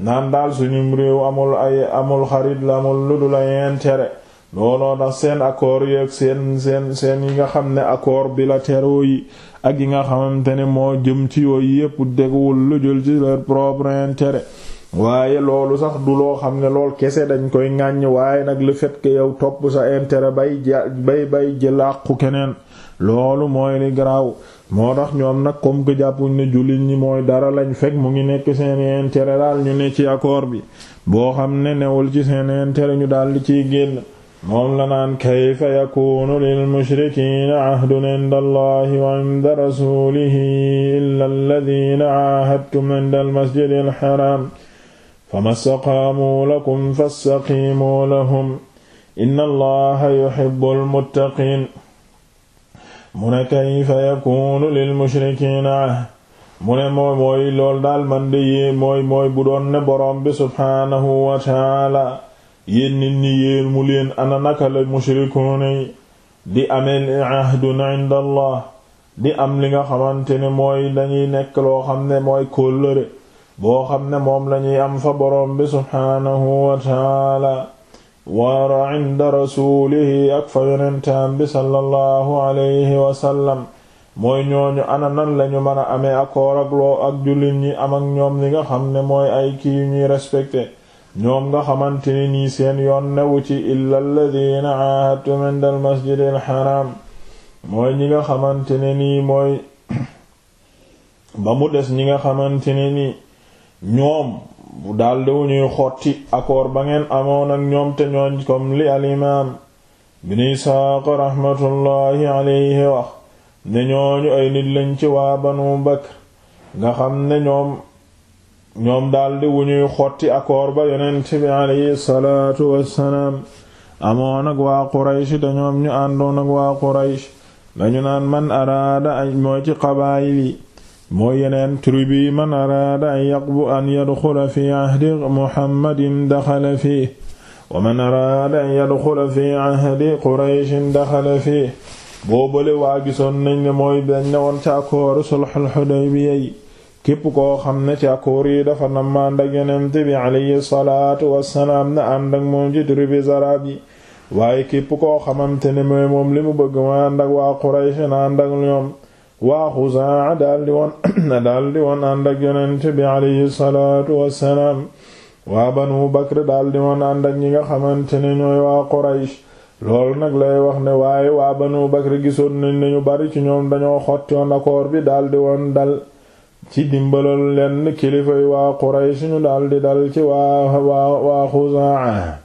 naan daal suñu réew amul ay amul xarit la amul lu dul ay intérêt looloo tax seen accord yeeg seen seen seen yi nga xam ne accord bilatéraux yi ak yi nga xamante ne moo jëm ci yooyu yépp dégguwul lu jël ci leur propre intérêt waaye loolu sax du loo xam ne lool kese dañ koy ŋàññ waaye nag le fait que yow topp sa intérêt bay bay bay jëlàqu keneen loolu mooy li garaaw moo tax ñoom nag comme que jàppuñ ne jullit ñi mooy dara lañ fekk mu ngi nekk seen intérêt daal ñu ne ci accord bi boo xam ne newul ci seen intérêt ñu daal di ciy génn moom la naan kayfa yakunu lil mushrikiina ahdun inda allahi wa inda rasulihi illa alladina aahadtum inda almasjidi alxaram fama staqaamuu lakum fastaqiimuu lahum inna allaha yuhibbul muttaqiin mu ne kayfa yakunu lil mushrikiina ahd mu ne mooy mooy lool daal man de yee mooy mooy bu doon ne boroom bi subhaanahu wa taala yéen nit ñi yéen mu leen ana naka la mushrikuuna yi di ame ahduna inda di am li nga xamante ne mooy dañuy nekk loo xam ne mooy kóllëre boo xam ne moom lañuy am fa boroom bi subhaanahu wa taala waara inda rasuulihi ak fa yonentaan bi sallallahu alayhi wasallam mooy ñooñu ana nan lañu mën a amee ak loo ak jullit ñi am ak ñoom li nga xam ne mooy ay kii ñuy respecte ñoom nga xamante nii seen yoon newu ci illa alladina aahadtum masjidi al xaraam mooy ñi nga xamante ne nii mooy ba mu des ñi nga xamante ne nii ñoom bu daldi wu ñuy xotti accord ba ngeen amoon ak ñoom te ñooñ comme li al imaam bin Isaaq raxmatullaahi wax ne ñooñu ay nit lañ ci waa Banu Bakr nga xam ne ñoom ñoom daldi wu ñuy xotti accord ba yonent bi alayhi salaatu wassalaam amoon ak waa Quraysh te ñoom ñu àndoon ak waa Quraysh dañu naan man araada ay mooy ci qabaayil mooy yeneen tribu yi man araada an yaqbu an yadxula fi ahdi Muhammadin daxala fi wa man araada an yadxula fi ahdi Qurayshin daxala fi boobale waa gisoon nañ ne mooy dañ ne woon ca accord sulhul Hudaybiya képp koo xam ne ci accord yi dafa nammand ak yonent bi alayhi salaatu wassalaam na ànd ak moom ci tribu waaye képp koo xamante ne mooy moom li mu bëgg ma ànd ak waa Quraysh na ànd ak ñoom waa Xuzaa daldi woon na daldi woon ànd ak yonent bi alayhi salaatu wassalaam waa Banu Bakr daldi woon ànd ak ñi nga xamante ne ñooy wa Quraysh loolu nag lay wax ne waaye wa Banu Bakr gisoon nañ ne ñu bari ci ñoom dañoo xottoon accord bi daldi woon dal ci dimbalal lenn kilifay waa Quraysh ñu daldi dal ci waa waa waa Xuzaa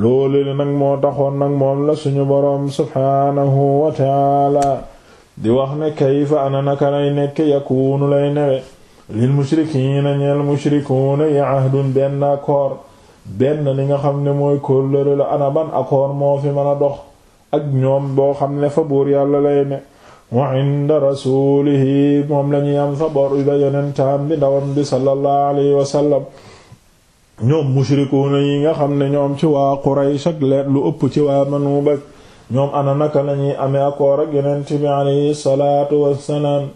loolu li nag moo taxoon nag moom la suñu boroom subhaanahu wa taala di wax ne kayfa ana naka lay nekk yakuunu lay newe lil mushrikiina ñeel mushrikuuna yi ahdun benn accord benn li nga xam ne mooy kóllëre la ana ban accord moo fi mën a dox ak ñoom boo xam ne fa buur yàlla lay ne wa inda rasulihi moom la ñuy am fa bor bi ba yonentam bi ndawam bi sallallahu wa sallam ñoom mushrikuuna yi nga xam ne ñoom ci waa Quraysh ak lu ëpp ci waa Banu Bakr ñoom ana naka la ñuy amee accord ak yonent bi alayhi salaatu wassalaam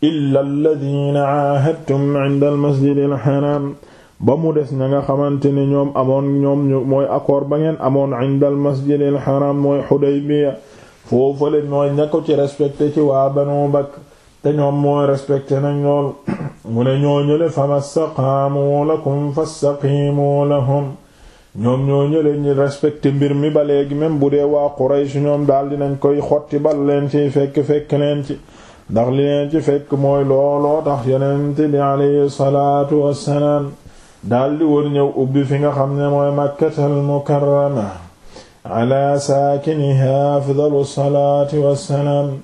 illa alladina aahadtum inda almasjidi alxaram ba mu des na nga xamante ne ñoom amoon ñoom mooy accord ba ngeen amoon inda almasjidi alxaram mooy Xudaybiya foofu le mooy ña ci respecté ci waa Banu Bakr te ñoom mooy respecté nañ lool mu ne ñoo ñële famastaqaamu lakum fastaqiimu lahum ñoom ñoo ñële ñi respecté mbir mi ba léegi même bu dee waa Quraysh ñoom daal dinañ koy xotti bal leen ciy fekk fekk leen ci ndax li leen ci fekk mooy looloo tax yonent bi alayhi salaatu wassalaam daldi wër ñëw ubbi fi nga xam ne mooy Makkatal Mukarrama ala saakiniha afdalu salaati wassalaam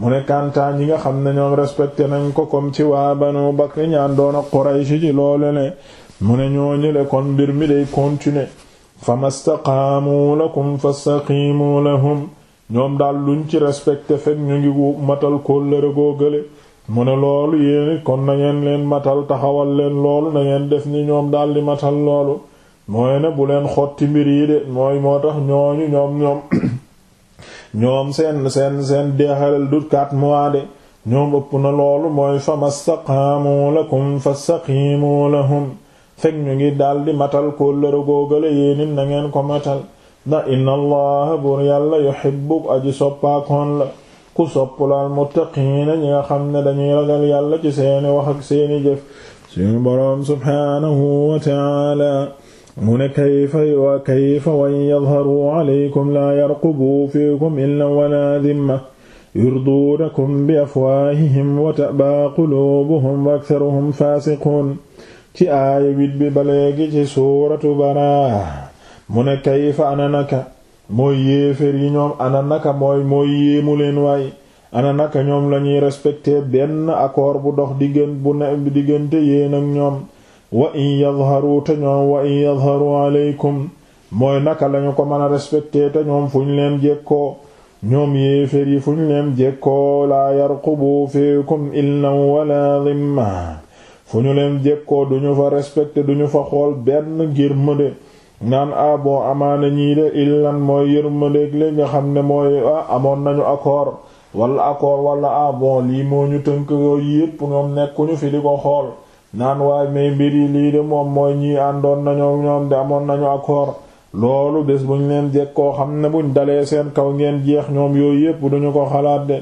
mu ne kantaan yi nga xam ne ñoom respecté nañ ko kom ci waa Banu Bakr ñaan doona Quraysh ci loolu ne mu ne ñoo ñële kon mbir mi day continuer famastaqaamu lakum fastaqiimu lahum ñoom daal luñ ci respecte fekk ñu ngi matal kóllëre góogale mu ne loolu yéen kon na ngeen leen matal taxawal leen loolu na ngeen def ni ñoom daal di matal loolu mooy ne bu leen xotti mbir yi de mooy moo tax ñooñu ñoom ñoom ñoom seen seen seen deexalal du quatre de ñoom ëpp na loolu mooy famastaqaamu lakum fastaqiimu lahum fekk ñu ngi daldi matal kóllëre googale yéenit na ngeen ko matal ndax inna allaha bur yàlla yuhibbu aji soppaakoon la ku soppulaal muttaqiina ñi nga xam ne dañuy ragal yàlla ci seeni wax seeni jëf suñu boroom subhaanahu wa mu ne kayfa wa kayfa wa in yadharuu alaykum laa yarqubuu fiikum illan wa ta'baa quluubuhum wa aktharuhum faasiquun ci yi ñoom ana waay ana naka ñoom lañuy respecté benn accord bu dox diggan bu ne diggante yéen ak ñoom wa in yadharu te ñoom wa in yadharu aleykum mooy naka lañu ko mën a respecté te ñoom fu ñu leen jekkoo ñoom yéefér yi fu ñu leen jekkoo laa yarqubu fiikum illan wala dhimma fu ñu leen jekkoo duñu fa respecté ñu fa xool benn yërmande naan a ah, bon amaana ñii de illan mooy yërmandeeg li nga xam ne mooy ah amoon nañu accord wala accord wala a ah, bon lii moo ñu tënk yooyu yépp ñoom nekkuñu fi di ko xool naan waaye may mbir yi lii de moom mooy ñii àndoon nañoo ñoom de amoon nañu akoor loolu des buñ leen jeg koo xam ne buñ dalee seen kaw ngeen jeex ñoom yooyu yépp duñu ko xalaat de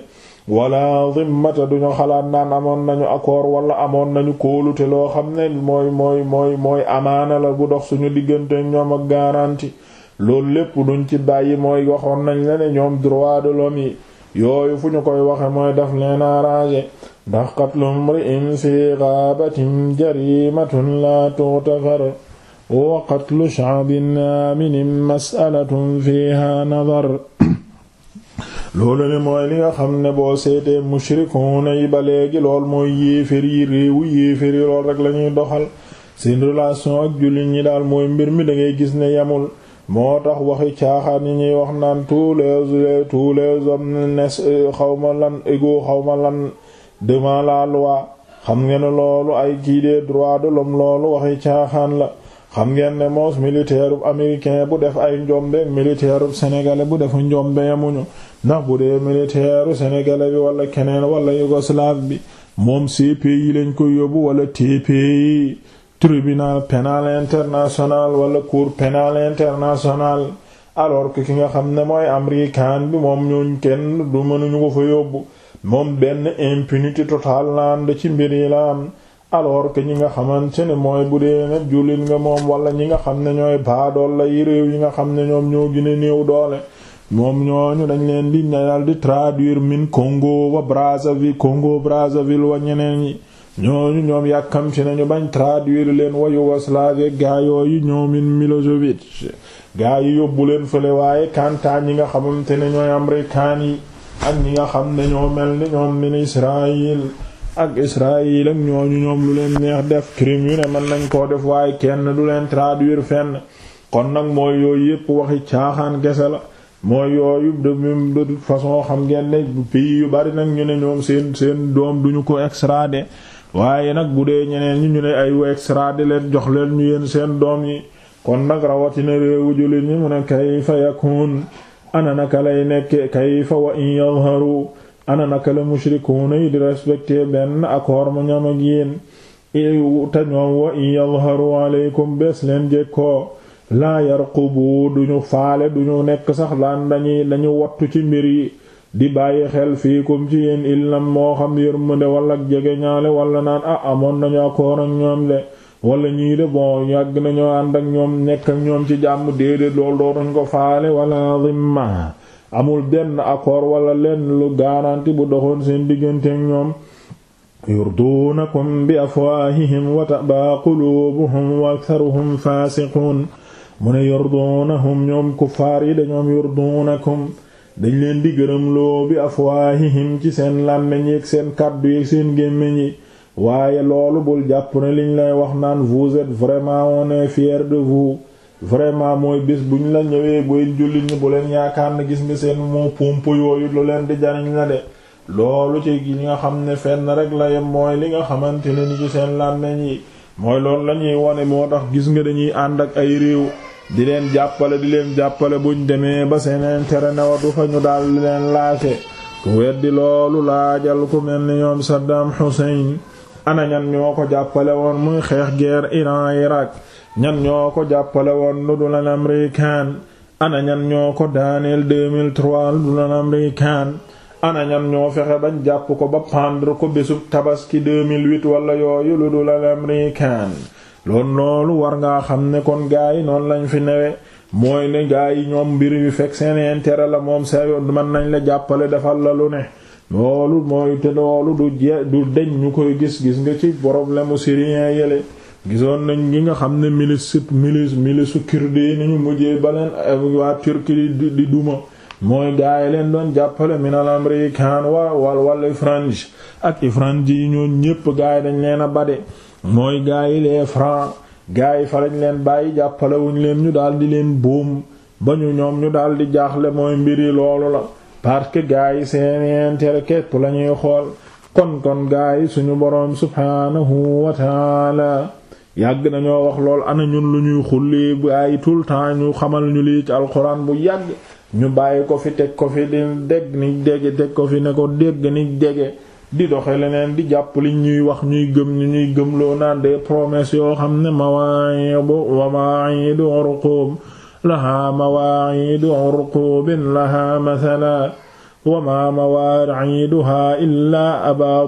wala dimmata duñu xalaat naan amoon nañu akoor wala amoon nañu kóolute loo xam ne mooy mooy mooy mooy amaana la bu dox suñu diggante ñoom ak garantie loolu lépp duñ ci bàyyi mooy waxoon nañ la ne ñoom droit de l'homme yi yooyu fu ñu koy waxe mooy daf leen arrangé ndax qatlu mri'in fi ghaabatin jarimatun laa tughtakar wa qatlu sha'bin aaminin mas'alatun fiihaa nadar loolu ne mooy li nga xam ne boo seetee mushrikuuna yi ba léegi lool mooy yéefér yi réewu lool rek lañuy doxal seen relation ak ñi daal mooy mbir mi da gis ne yamul moo tax waxi caaxaan yi ñuy wax naan tous xawma lan ego xawma lan devant la loi xam ngeen loolu ay kii des droits de l'homme loolu waxi caaxaan la xam ngeen ne moos militaire bu américain bu def ay njombe militaire bu bu defu njombe yamuñu ndax bu dee militaire sénégalais bi wala keneen wala yougoslave bi moom CPI lañ koy yóbbu wala TPI tribunal pénal international wala cour pénale internationale alors que ki nga xam ne mooy américain bi moom ñooñ kenn du mënuñu ko fa yóbbu moom benn impunité total la am ci mbir yi la am alors que ñi nga xamante ne mooy bu dee ne jullit nga moom wala ñi nga xam ne ñooy baadool la yi réew yi nga xam ne ñoom ñoo gën néew doole moom ñooñu dañ leen di dal di traduire min Congo wa Brazzaville Congo Brazzaville wa ñeneen yi ñooñu ñoom yàkkamti nañu bañ traduire leen wa Yougoslavie gaa yooyu ñoomin Milosevic gaa yi yóbbu leen fële waaye kantaan ñi nga xamante ne ñooy américain yi ak ñi nga xam ne ñoo mel ni ñoom min Israël ak Israël ak ñooñu ñoom lu leen neex def crime yu ne mën nañ koo def waaye kenn du leen traduire fenn kon nag mooy yooyu yépp waxi caaxaan gese la mooy yooyu de même façon xam ngeen ne pays yu bari nag ñu ne ñoom seen seen doom duñu ko extrader waaye nag bu dee ñeneen ñi ñu ne ay extrader leen jox leen ñu yéen seen doom yi kon nag rawatina réewu jullit ñi mu ne kay fa yakun ana naka lay nekk kayfa wa in yadharu ana naka la mushrikuuna yi di respecté benn accord mu ñam ak yéen te ñoom wa in yadharu aleykum bés leen jekkoo laa yarqubu duñu faale duñu nekk sax laan dañuy dañu wattu ci mbir yi di bàyyi xel fiikum ci yéen illam moo xam yërmande walla jege ñaale walla naan ah amoon nañu accord ak ñoom de wala ñii de bon yàgg nañu ànd ak ñoom nekk ak ñoom ci jàmm déedéet loolu dootuñ ko faale wala zimma amul benn accord wala lenn lu garanti bu doxoon seen diggante ak ñoom yurduunakum bi afwaahihim wa tabaa quluubuhum wa aktharuhum faasiquun mu ne yurduunahum ñoom kuffaar yi dañoom yurduunakum dañ leen di gërëm loo bi afwaahihim ci seen làmmiñ yi ak seen kàddu yi ak seen gémmiñ yi waaye loolu bul jàpp ne liñ lay wax naan vous êtes vraiment on est fier de vous vraiment mooy bés buñ la ñëwee buy jullit ñi bu leen yaakaar na gis nga seen moo pompe yooyu lu leen di jariñ la de loolu ci li nga xam ne fenn rek la yem mooy li nga xamante ne ni ci seen làmmeñ yi mooy loolu la ñuy wone moo tax gis nga dañuy ànd ak ay réew di leen jàppale di leen jàppale buñ demee ba seen intérêt newatu fa ñu daal di leen lâché ku weddi loolu laajal ku mel ni ñoom Saddam Hussein ana ñan ñoo ko jàppale woon muy xeex guerre Iran Irak ñan ñoo ko jàppale woon lu dul al américain ana ñan ñoo ko daaneel 2003 lu dul al américain ana ñan ñoo fexe bañ jàpp ko ba pendre ko bésu tabaski 2008 wala yooyu lu dul al américain loon loolu war ngaa xam ne kon gaa yi noonu lañ fi newe mooy ne gaa yi ñoom mbir yu fekk seen intérêt la moom sa yoon mën nañ la jàppale defal la lu ne loolu mooy te loolu du je du deñ ñu koy gis gis nga ci problème u syrien yele gisoon nañ gi nga xam ne milice milice milice kurde yi ni ñu mujjee baleen eh, waa Turquie di di duma mooy gaa yi leen doon jàppale minal américain wa wal wal frange ak frange yi ñoon ñépp gaa yi dañ leen a bade mooy gaa yi les francs gaa yi fa lañ leen bàyyi jàppale leen ñu daal di leen buum ba ñu ñoom ñu daal di jaaxle mooy mbiri loolu la parce que gaa yi seeni intérêt képp la ñuy xool kon kon gaa yi suñu boroom subhaanahu wa taala yàgg nañoo wax lool ana ñun lu ñuy xulli gaa yi tout le temps ñu xamal ñu lii ci alxuraan bu yàgg ñu bàyyi ko fi teg ko fi di dégg ni dégg teg ko fi ne ko dégg ni dégg di doxe leneen di jàpp li ñuy wax ñuy gëm ñu ñuy gëmloo naan des promesses yoo xam ne mawaayidu wa mawaayidu urqum lahaa mawaaciidu urquubin lahaa mathalaa wa maa mawaaciiduhaa illaa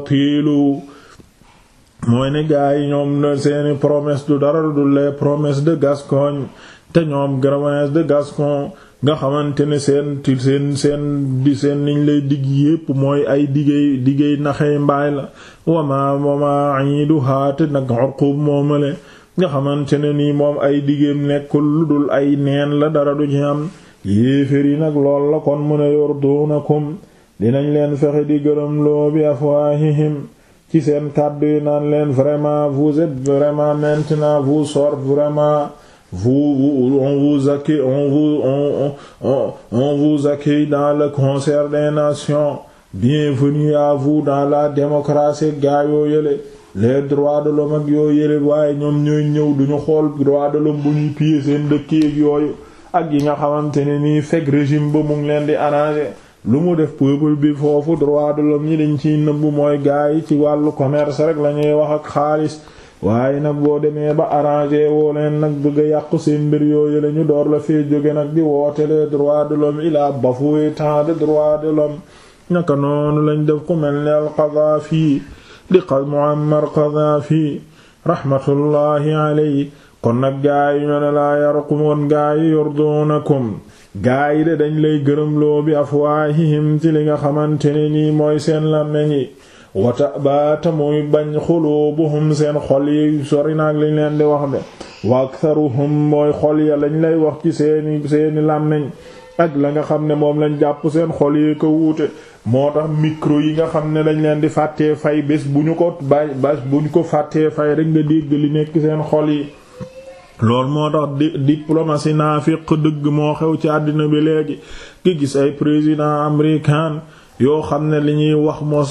mooy ne gaa ñoom na seeni promesse du dara du les promesses de Gascogne te ñoom promesse de Gascon nga xamante ne seen ti seen seen di seen niñ lay digg yépp mooy ay diggéey diggéey naxey mbaay la wa maa mawaaciiduhaa te nag urquub moomale nga xamante ne nii moom ay digéem nekkul lu dul ay neen la dara du ci am yéefér yi nag lool la kon mu ne yurdunakum dinañ leen fexe di gërëm loo bi afwaahihim ci seen kàddu yi naan leen vraiment vous êtes vraiment maintenant vous sort vraiment vous vous dans le concert des nations bienvenue à vous dans la démocratie gaayoo yële les droits de l'homme ak yoo yële waaye ñoom ñooy ñëw duñu xool droits de l'homme bu ñuy piye seen dëkk yooyu ak yi nga xamante ne nii fekk régime ba mu leen di arranger lu mu def peuple bi foofu droits de l'homme ñi dañ ciy nëbbu mooy gaa yi ci wàllu commerce rek la ñuy wax ak xaalis waaye nag boo demee ba arranger woo leen nag bëgg yàqu seen mbir yooyu la door la fee jóge nag di woote les droits de l'homme il a bafoué de droits de l'homme naka lañ def ku mel ne di Muammar Qaddafi rahmatullahi alayhi kon nag gaa yi ñoo ne laa yarqumoon gaa yi yurdunakum gaa yi de dañ lay gërëmloo bi afwaahihim ci li nga xamante ne nii mooy seen làmmeñ yi wata baata muy bañ xuluubuhum seen xol yi sori naag lañ leen di wax de wa aktharuhum mooy xol lañ lay wax ci seeni seeni làmmeñ ak la nga xam ne moom lañ jàpp seen xol yi ko wuute moo tax micro yi nga xam ne lañ leen di fàttee fay bés bu ñu ko bay bés bu ñu ko fàttee fay rek nga dégg li nekk seen xol yi lool moo tax di diplomatie naafiq dëgg moo xew ci àddina bi léegi ki gis ay président américain yoo xam ne li ñuy wax mos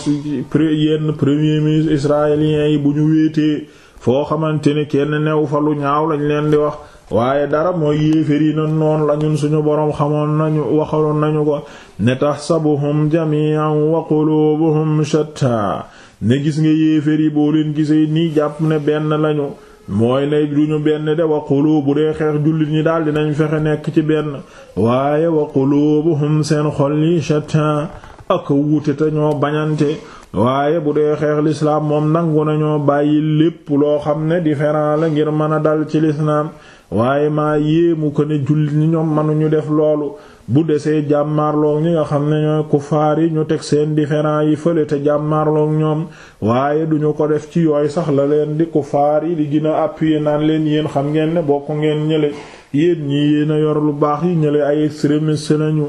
yenn premier ministre israélien yi bu ñu wéetee foo xamante ni kenn new fa lu ñaaw lañ leen di wax waaye dara mooy yéefér yi nan noon la ñun suñu boroom xamoon nañu waxaloon nañu ko ne taxsabuhum jami'an wa qulubuhum shatta ne gis nga yéefér yi boo leen gisee nii jàpp ne benn lañu mooy ne duñu benn de wa qulubu dee xeex jullit ñi daal dinañ fexe nekk ci benn waaye wa qulubuhum seen xol yi shatta ak wuute te ñoo bañante waaye bu dee xeex lislaam moom nangu nañoo bàyyi lépp loo xam ne différent la ngir mën a dal ci lislaam waaye maa yéemu ko ne jullit ñi ñoom mënuñu def loolu bu desee jàmmaarloog ñi nga xam ne ñooy kufaar yi ñu teg seen différend yi fële te jàmmaarloog ñoom waaye duñu ko def ci yooy sax la leen di kufaar yi di gina appuyer naan leen yéen xam ngeen ne bokk ngeen ñële yéen ñi yéen a yor lu baax yi ñële ay extrémiste nañu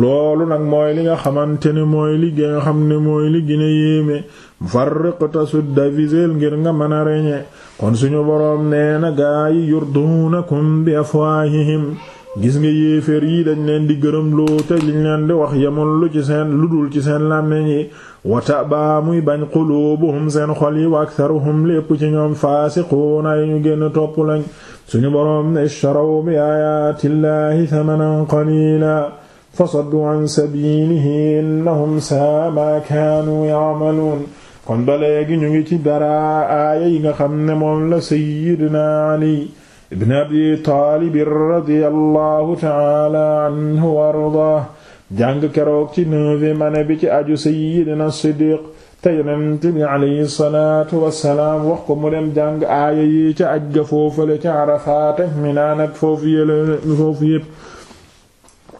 loolu nag mooy li nga xamante ne mooy li nga xam ne mooy li gën a yéeme farriqta sudda visel ngir nga mën a reñe kon suñu boroom nee na gaa yi bi afwaahihim gis nga yéeféer yi dañ leen di gërëm lu te liñ leen di wax yemul lu ci seen lu dul ci seen làmmiñ yi wata baa muy bañ quluubuhum seen xol yi wa aktaruhum lépp ci ñoom faasiquuna yi ñu génn topp lañ suñu boroom ne ishtaraw bi aayaatillaahi thamanan qaliila fasaddu an sabiilihi innahum saa maa kaanu ya'maluun kon ba léegi ñu ngi ci dara aaya yi nga xam ne moom la sayyidina ali ibn abi taalib radiyallahu taala anhu wa ardah jàng keroog ci neuvième année bi ci aju sayyidina siddiq te yonent bi alayhi salaatu wassalaam wax ko mu dem jàng aaya yi ca aj ga foofale ca arafaat ak minaan ak foofu yële foofu yépp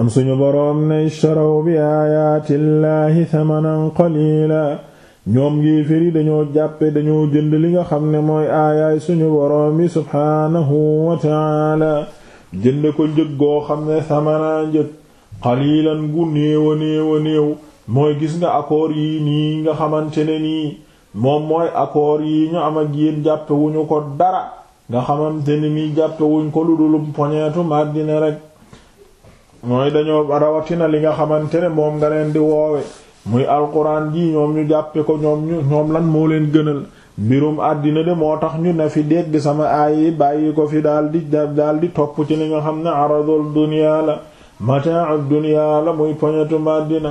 am suñu boroom ne ishtaraw bi aayaati llahi thamanan qalila ñoom ngi firi dañoo jàppe dañoo jënd li nga xam ne mooy aayaay suñu boroom bi subhaanahu wa taala jënd ko njëg goo xam ne samanaa njëg xaliilan gu néew a néew a néew mooy gis nga accord yi nii nga xamante ne nii moom mooy accord yi ñu am ak yéen jàppe wuñu ko dara nga xamante ni mii jàppe wuñ ko lu dulum poñeetu màddine rek mooy dañoo rawatina li nga xamante ne moom nga leen di woowe muy alquran ji ñoom ñu jàppe ko ñoom ñu ñoom lan moo leen gënal mbirum àddina de moo tax ñu ne fi dégg sama yi bàyyi ko fi daal di daal di topp ci li nga xam ne aradul dunya la mata'u dunya la muy poñetum àddina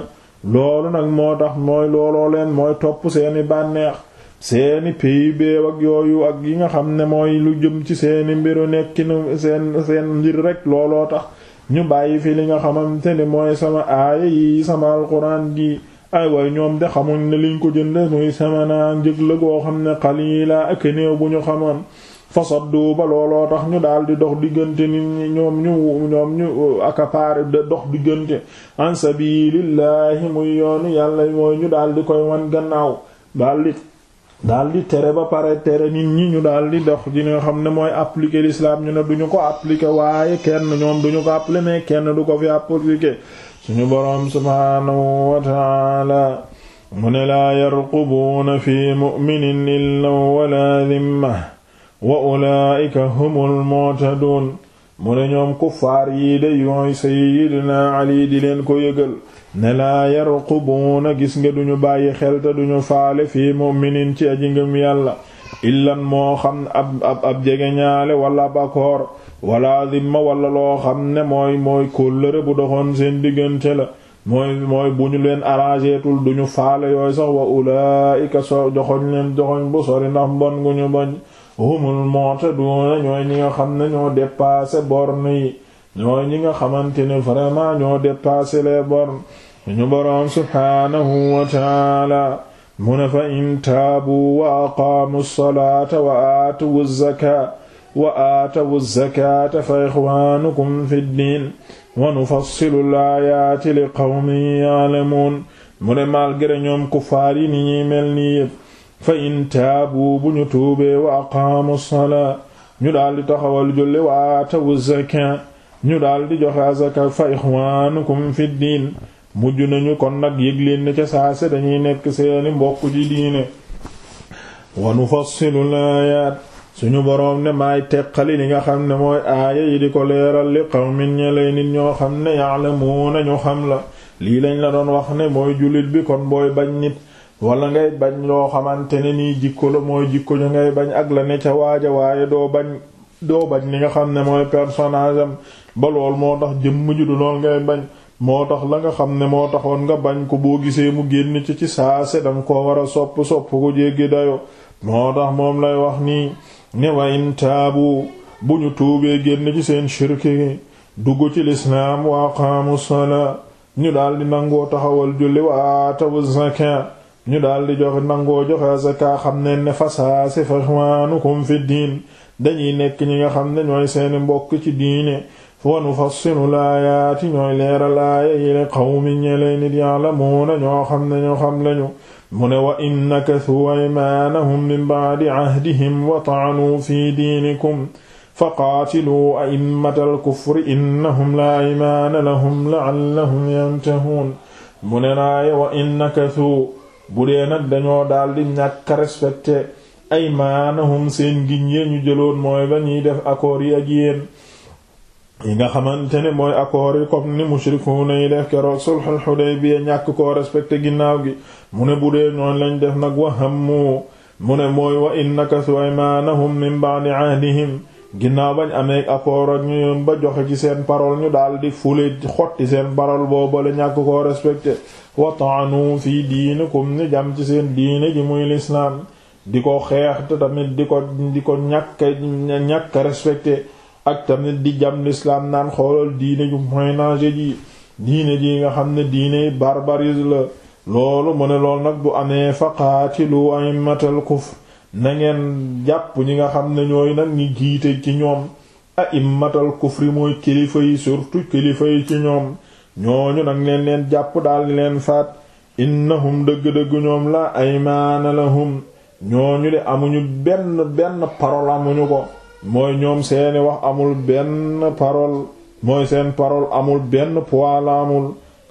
loolu nag moo tax mooy looloo leen mooy topp seeni bànneex seeni pib ak yooyu ak yi nga xam ne mooy lu jëm ci seeni mbiru nekkinu seen seen mbir rek looloo tax ñu bàyyi fi li nga xamante ne mooy sama aaya yi sama alquran ji ay waay ñoom de xamuñ ne liñ ko jënde muy samana njëg la goo xam ne xaliila ak néew bu ñu xamoon fasaddu ba looloo tax ñu daal di dox diggante nit ñi ñoom ñu ñoom ñu accaparé de dox diggante an sabilillahi muy yoonu yàlla mooy ñu daal di koy wan gannaaw daal di tere ba pare tere nit ñi ñu daal di dox di nga xam ne mooy appliquer l'islam ñu ne du ñu ko appliquer waaye kenn ñoom duñu ko appliquer kenn du ko fi appliquer suñu boroom subhaanahu wa taala mu ne laa yarqubuuna fi mu'minin illa wala dimma wa ulaa'ika humul mu'taduun mu ne ñoom kuffaar yi de yooy sayyidina Ali di leen ko yëgal ne laa yarqubuuna gis nga duñu bàyyi xel te duñu faale fi mu'minin ci aji ngëm illan moo xam ab ab ab jegeñaale wala ab accord wala dimma wala loo xam ne mooy mooy kóllëre bu doxoon seen diggante la mooy mooy bu ñu leen arrangé tul duñu faale yooyu sax wa ulaa'ika so joxoñ leen joxoñ bu sori ndax mbon gu ñu bañ humul mu'taduna ñooy ñi nga xam ne ñoo dépassé bornes yi ñooy ñi nga xamante ne vraiment ñoo dépassé les bornes ñu boroom subhaanahu wa mu ne fa in taabu wa aqaamu salaata wa aatawu zaka wa aatawu zakata fa ixwaanukum fi ddin wa nufassilu laayaati li qawmin yaalamuun mu ne malgré ñoom kuffaar yi ni ñuy mel nii yépp fa in taabu bu ñu tuubee wa aqaamu salaa ñu daldi taxawal julli wa aatawu zaka ñu daldi joxe azaka fa ixwaanukum fi ddin mujj nañu kon nag yëg leen ne ca saase dañuy nekk seeni mbokk ci diine wa nufassilu laayaat suñu boroom ne maay teqali li nga xam ne mooy aaya yi di ko leeral li qawmin ñe lay nit ñoo xam ne la ya'lamuuna ñu xam la lii lañ la doon wax ne mooy jullit bi kon booy bañ nit wala ngay bañ loo xamante ne nii jikko la mooy jikko ñu ngay bañ ak la ne ca waaja waaye doo bañ doo bañ li nga xam ne mooy personnage am ba lool moo tax jëmm ju du lool ngay bañ moo tax la nga xam ne moo taxoon nga bañ ko boo gisee mu génn ci ci saase danga ko war a sopp sopp ko jéggi dayo moo tax moom lay wax nii ne wa in taabu bu ñu tuubee génn ci seen shirki dugg ci lislaam wa aqaamu salaa ñu di nangoo taxawal julli wa aatawu zakaa ñu daldi joxe nangoo joxe zakaa xam ne ne fasaase fa ixwaanukum fi diin dañuy nekk ñi nga xam ne ñooy seeni mbokk ci diine wa nufassilu laayaati ñooy leeral aaya yi li qawmin ñelee nit ya'lamuuna ñoo xam ne ñoo xam lañu mu ne wa in nakathuu aymaanahum min ba'di cahdihim wa ta'anuu fii diinikum fa qaatiluu a'immata al-kufri innahum laa aymaana lahum la'allahum yantahuun mu ne naaye wa in nakathuu bu dee nag dañoo daldi ñàkk respecté aymaanahum seen giñ ñu jëloon mooy ba ñuy def accord yi ak yi nga xamante ne mooy accord yi comme ni mushrikuuna yi def keroog sulhul Hudaybiya ñàkk koo respecté ginnaaw gi mu ne bu dee ñoon lañu def nag wa hammu mu ne mooy wa in nakasu aymaanahum min ginnaaw bañ amee accord ak ñu ba joxe ci seen parole ñu daal di fule xotti seen parole boobale ñàkk koo respecté wa ta'anu fii diinikum ni jam ci seen diine ji muy lislaam di ko xeex te tamit di ko ñàkk ñàkk respecté ak tamit di jam lislaam naan xoolal diine ju ménager ji diine ji nga xam ne diine barbarisme la loolu mu ne loolu nag bu amee faqaatilu a'immatal kufr na ngeen jàpp ñi nga xam ne ñooy nag ñi jiite ci ñoom a'immatal kufri mooy kilifa yi surtout kilifa yi ci ñoom ñooñu nag leen leen jàpp daal leen faat innahum dëgg-dëgg ñoom la aymaana lahum ñooñu de amuñu benn benn parole amuñu ko mooy ñoom seeni wax amul benn parole mooy seen parole amul benn poids la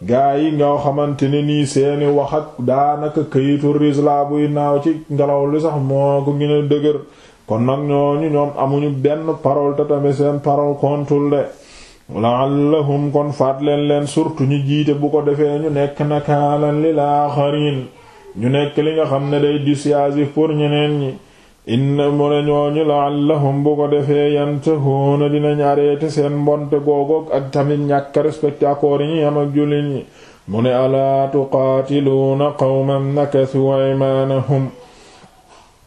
gaa yi nga xamante ne nii seeni wax ak daanaka këyitu risla buy naaw ci ngelaw li sax moo ko gën a dëgër kon nag ñooñu ñoom amuñu benn parole te tamit seen parole kontul de la'allahum kon faat leen leen surtout ñu jiite bu ko defee ñu nekk nakaalan lil aaxariin ñu nekk li nga xam ne day dissuasif pour ñeneen ñi inna mu ne ñooñu laallahum bu ko defee yantahuuna dinañ arrêté mbonte googoog ak tamit ñàkk respecté accord yi am ak jullit ñi alaa tuqaatiluuna qawman nakasuu aymaanahum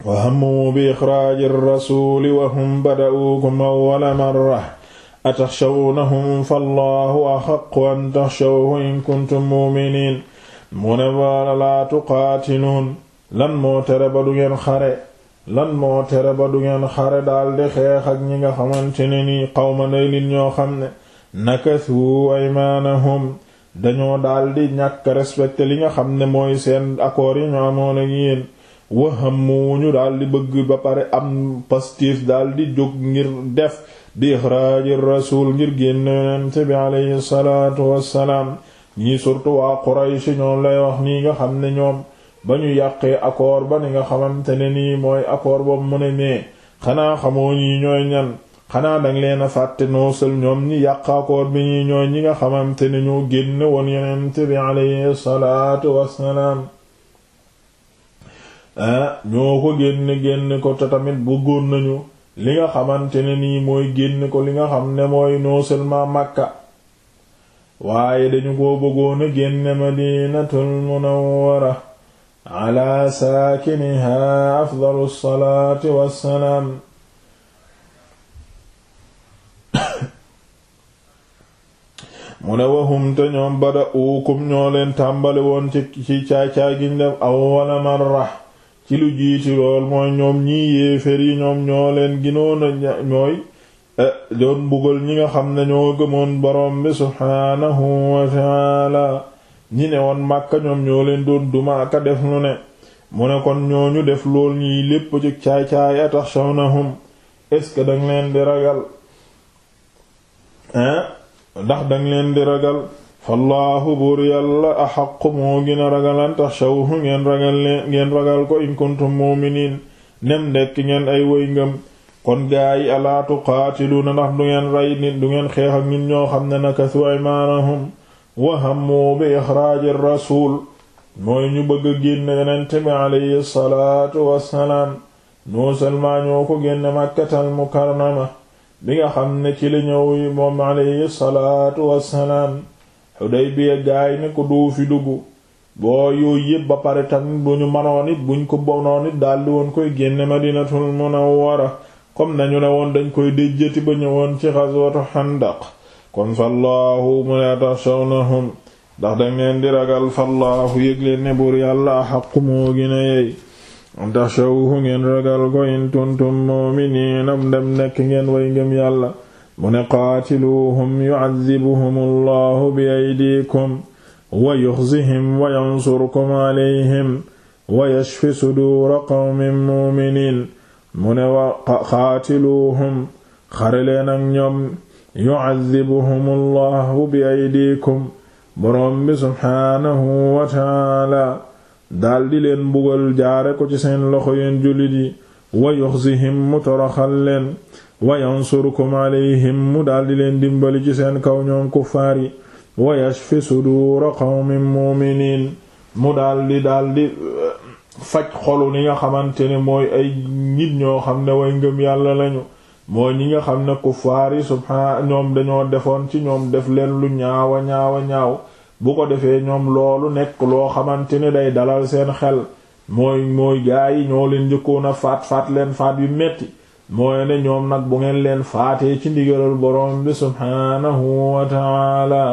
wa hammuu bi ixraaji rasuuli wa hum bada'uukum awwala marra ataxshawunahum fallaahu axaqqu an taxshawhu in kuntum mu'miniin mu ne alaa tuqaatiluun lan moo tere ba ngeen xare lan moo tere ba du ngeen xare daldi xeex ak ñi nga xamante ne nii qawma naylin ñoo xam ne nakasu aymaanahum dañoo dal di ñàkk respecté li nga xam ne mooy seen accord yi ñu amoon ak yéen wahammu ñu daldi bëgg ba pare am pastif di jóg ngir def bi ixraaji rasul ngir génn yonent bi salaatu wassalaam ñii surtout waa Quraysh ñoom lay wax nii nga xam ne ñoom ba ñu yàqee accord ba ni nga xamante ne nii mooy accord boobu mu ne nee xanaa xamoo ñi ñooy ñan xanaa danga leen a fàtte noosal ñoom ñi yàq accord bi ñi ñooy ñi nga xamante ne ñoo génn woon yonent bi alayhi salaatu wassalaam ah, ko génn génn ko te tamit bëggoon nañu li nga xamante ne nii mooy génn ko li nga xam ne mooy non seulement Makka waaye dañu ko bëggoon a génne Madinatul Munawwara ala saakiniha afdalu salaati wassalaam mu ne ñoom bada uukum ñoo leen tàmbali woon ci ci caacaa giñ def marra ci lu jiiti mooy ñoom ñii yéefér yi ñoom ñooleen leen a ñooy eh, doon mbugal ñi nga xam ne ñoo gëmoon boroom bi subhaanahu wa ñi ne woon Makka ñoom ñoo leen doon duma aka def lu ne mu ne kon ñu def lool ñiy lépp ci caay-caay ataxshawnahum est-ce que danga leen di ragal ndax danga leen di ragal fallaahu buur yàlla axaqu moo gën a ragal an taxshawhu ngeen ragal leen ngeen ragal ko in kuntum mu'miniin nem ndekk ngeen ay woy ngëm kon gaa yi alaa tuqaatiluuna ndax du ngeen rey nit du ngeen xeex ak nit ñoo xam ne nakasu aymaanahum wa hammu bi ixraaji rasuul mooy ñu bëgg a génne yonent bi alayhi salaatu wassalaam non seulement ko génne makkatal mukarrama bi nga xam ne ci la ñëw moom alayhi salaatu wassalaam Hudaybiya gaay ne ko doo fi dugg boo yooyu yëpp ba pare tamit bu ñu manoon it buñ ko bonoon it daldi woon koy génne Madinatul Munawwara comme nañu ne woon dañ koy déjjati ba ñëwoon ci ghazwatu Xandaq kon fallaahu mu ne taxshawnahum ndax dangeen di ragal fallaahu yëg leen ne buur yàlla xaqu moo gina yey taxshawhu ngeen ragal ko in kuntum mu'miniina dem nekk ngeen way ngëm yàlla mu ne qaatiluuhum yu'adhibuhum allahu bi aydiikum wa yuxzihim wa yansurkum alayhim wa yashfi suduura qawmin mu'miniin yu'adhibuhumu llahu bi aydikum boroom bi subhaanahu wa taala daldi leen mbugal jaare ko ci seen loxo yeen jullit yi wa yuxzihim mu toroxal leen wa yansurukum leen dimbali ci seen kaw ñoom kuffaar yi wa yashfi suduura qawmin mu'miniin mu daldi daldi faj xolu ni nga xamante ne mooy ay nit ñoo xam ne way ngëm yàlla lañu mooy ñi nga xam ne kuffaar yi subhaan ñoom dañoo defoon ci ñoom def leen lu ñaawa ñaawa ñaaw bu ko defee ñoom loolu nekk loo xamante ne day dalal seen xel mooy mooy gaa yi ñoo leen njëkkoon a faat faat leen faat yu metti mooy ne ñoom nag bu ngeen leen faatee ci ndigalal boroom bi subhaanahu wa taala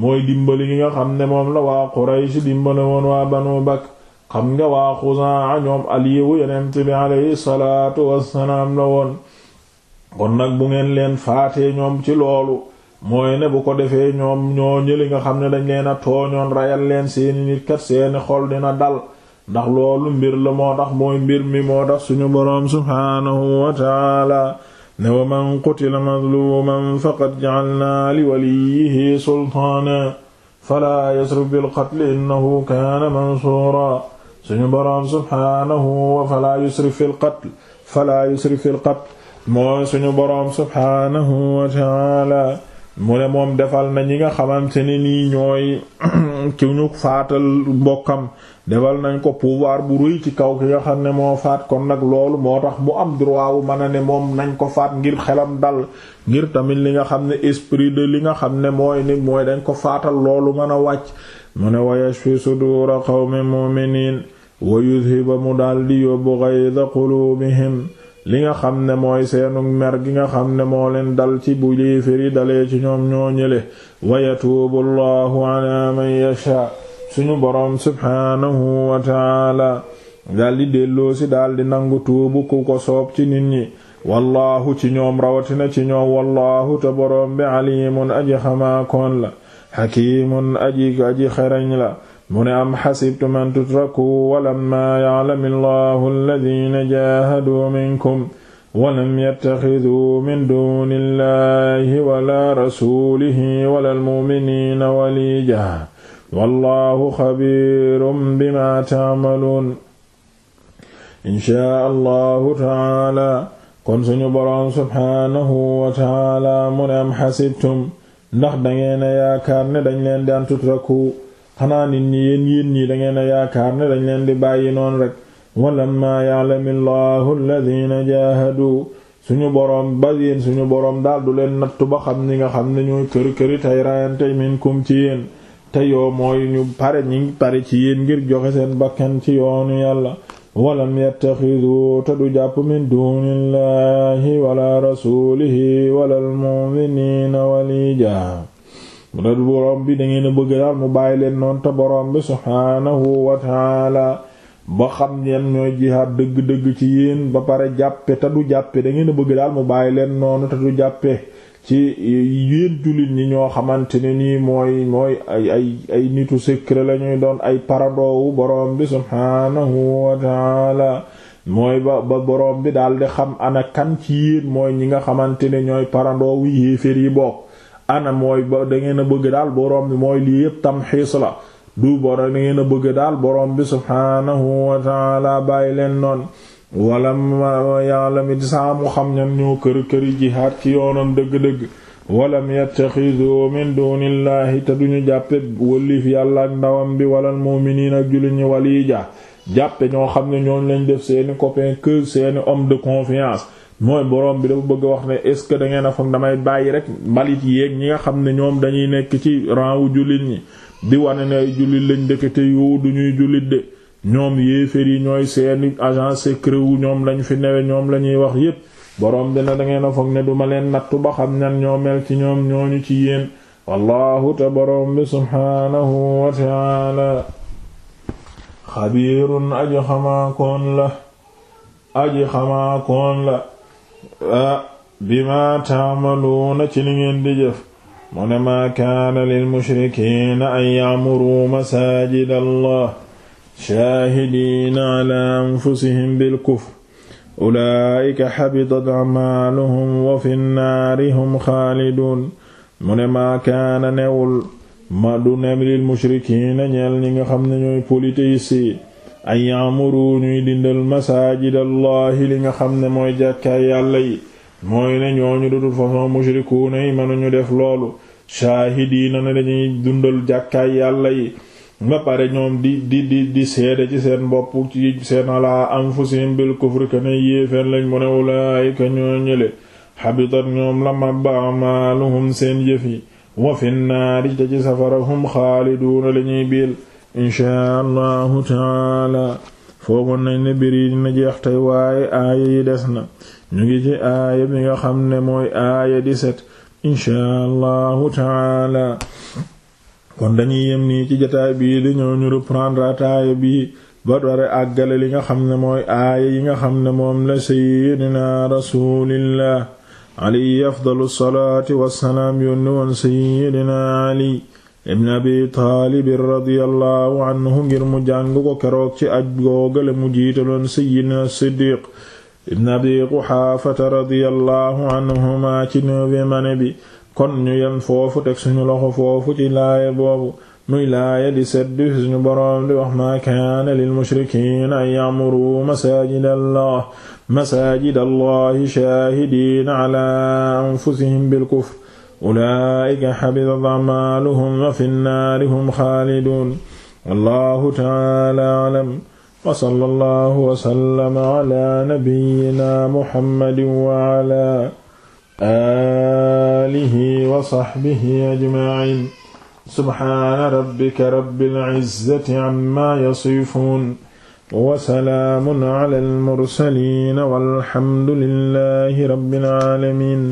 mooy dimbali gi nga xam ne moom la waa Quraysh dimbali woon waa Banu Bakk xam nga waa Xuzaa ñoom aliwu yeneen bi alayhi salaatu wassalaam la woon kon nag bu ngeen leen faatee ñoom ci loolu mooy ne bu ko defee ñoom ñoo ñëli nga xam ne dañ leen a tooñoon rayal leen seeni nit kat seeni xol dina dal ndax loolu mbir la moo tax mooy mbir mi moo suñu boroom subhaanahu wa taala ne wa man qutila mazluman faqad ja'alna li waliyihi sultaana falaa yasrif bil qatl innahu kaana mansuura suñu boroom subhaanahu wa falaa fil qatl moo suñu boroom subhaanahu wa ta'ala mu ne moom defal na ñi nga xamante ne nii ñooy ci ñu faatal mbokkam defal nañ ko pouvoir bu rëy ci kaw ki nga xam ne moo faat kon nag loolu moo tax mu am droit wu mën a ne moom nañ ko faat ngir xelam dal ngir tamit li nga xam ne esprit de li nga xam ne mooy ni mooy dañ ko faatal loolu mën a wàcc mu ne wa yashfi suduura qawmin mu'miniin wa yudhiba mu daal di yóbbu ghayza quluubihim li nga xam ne mooy seenu mer gi nga xam ne moo leen dal ci bu yéeféri dalee ci ñoom ñoo ñële wa yatuubu allahu man yasha suñu boroom subhaanahu wa taala daldi delloo si daldi nangu tuubu ku ko soob ci nit ñi wallaahu ci ñoom rawatina ci ñoom wallaahu te boroom bi alimun aji xamaakoon la xakiimun aji aji xereñ la mu ne am xasibtum an tutrakuu walammaa ya'lamu allahu alladina jaahaduu minkum walam yattaxiduu min duuni illahi wala rasulihi wala almuminina walija wallahu xabiirum bimaa taamaluun inchaa allahu taala kon suñu boroom subhaanahu wa taala mu ne am xasibtum ndax dangeen yaakaar ne dañ leen daan tutraku xanaa nit ñi yéen ñii dangeen a yaakaar ne dañ leen di bàyyi noonu rek walammaa ya'lamu llahu alladhina jaahadu suñu boroom ba yéen suñu boroom daal du leen nattu ba xam ni nga xam ne ñooy kër këri tey rayante minkum ci yéen te yoo mooy ñu pare ñi pare ci yéen ngir joxe seen bakkan ci yoonu yàlla walam yattaxidu te du jàpp min dunillahi wala rasulihi wala almu'minina walija mu ne borom bi da ngeen bëgg daal mu bàyyi leen noonu te borom bi subhaanahu wa taala ba xam ñeen ñooy jihaad dëgg-dëgg ci yéen ba pare jàppe te du da ngeen a bëgg mu bàyyi leen noonu te jàppe ci yéen jullit ñi ñoo xamante ne nii mooy mooy ay ay ay nitu secret la ñuy doon ay paradoowu borom bi subhaanahu wa taala ba ba bi daal di xam ana kan ci yéen mooy ñi nga xamante ne ñooy parandoowu yéefér yi bokk ana mooy ba da ngeen a bëgg daal boroom bi mooy lii yépp xiis la du boroom da ngeen a bëgg daal boroom bi subhaanahu wa taala bàyyi leen noonu walam yaalamit saa mu xam ñan ñoo kër-këri jihaad ci yoonam dëgg-dëgg walam yattaxidu min dunillahi te duñu yàlla ak ndawam bi walal mu'miniin ak jullit ñi waliija jàppe ñoo xam ne ñooñ lañ def seeni copain que seeni homme de confiance mooy borom bi dafa bëgg wax ne est ce que da ngeen a foog damay bàyyi rek mbalit yeeg ñi nga xam ne ñoom dañuy nekk ci rang wu jullit ñi di wane na ay jullit lañ dëkk te du ñuy jullit de ñoom yéeféer yi ñooy seeni agent secret wu ñoom lañu fi newe ñoom la ñuy wax yépp borom bi ne da ngeen a foog ne duma leen nattu ba xam ñan ñoo mel ci ñoom ñooñu ci yéen wallahu te borom bi subhaanahu wa ta'ala xabiirun aji xamaa la aji xamaa la Ah, bima taamaluuna ci li ngeen di jëf mu ne maa kaana lil mushrikiina an ya'muruu masaajida allah shaahidiina ala anfusihim bil kufr ulaa'ika habitat a'maaluhum wa fi nnaari hum xaaliduun mu ne maa kaana newul ma du ne lil mushrikiina ñeel ñi nga xam ne ñooy polythéistes ay ya'muru ñuy dindal masaajid allahi li nga xam ne mooy jàkkaay yàlla yi mooy ne ñooñu de toute façon mushrikuuna yi ñu def loolu shaahidiina ne dañuy dundal jàkkaay yàlla yi ba pare ñoom di di di di seede ci seen bopp ci seen alaa anfusihim bil kufri que ne yéeféer lañ mu ne ulaayika ñoo ñële xabitat ñoom la mabba amaaluhum seen jëf yi wa fi ci safara hum xaaliduuna lañuy biil inchaa allahu taala foogoon nañ ne mbir yi dina jeex tey waaye aaya yi des na ñu ngi ci aaya bi nga xam ne mooy aaya di set inchaa allahu taala kon dañuy yem nii ci jotaay bii dañoo ñu reprendre ataaya bii ba dore àggale li nga xam ne mooy aaya yi nga xam ne moom la seyyidina rasulillah alayhi afdalu salaati wassalaam yónni woon seyyidina ali ibn abi taalibin radiyallahu anhu ngir mu jàng ko keroog ci aj googale mu jiitaloon sayyidina siddiq ibn abi quxaafata radiyallahu anhuma ci neuvième année bi kon ñu yem foofu teg suñu loxo foofu ci laaya boobu muy laaya di seddu suñu boroom di wax maa kaana lil mushrikiina an ya'muru masaajida allah masaajida allahi shaahidiina ala anfusihim bil kufr ulaa'ika xabitat a'maaluhum wa fi nnaari hum xaaliduun allahu ta'aala a'lam wa sallallahu wa sallama ala nabiyyina muhammadin wa ala aalihi wa sahbihi ajma'iin subhaana rabbika rabbil izzati amma yasifuun wa salaamun ala al mursaliin walhamdu lillahi rabbil aalamiin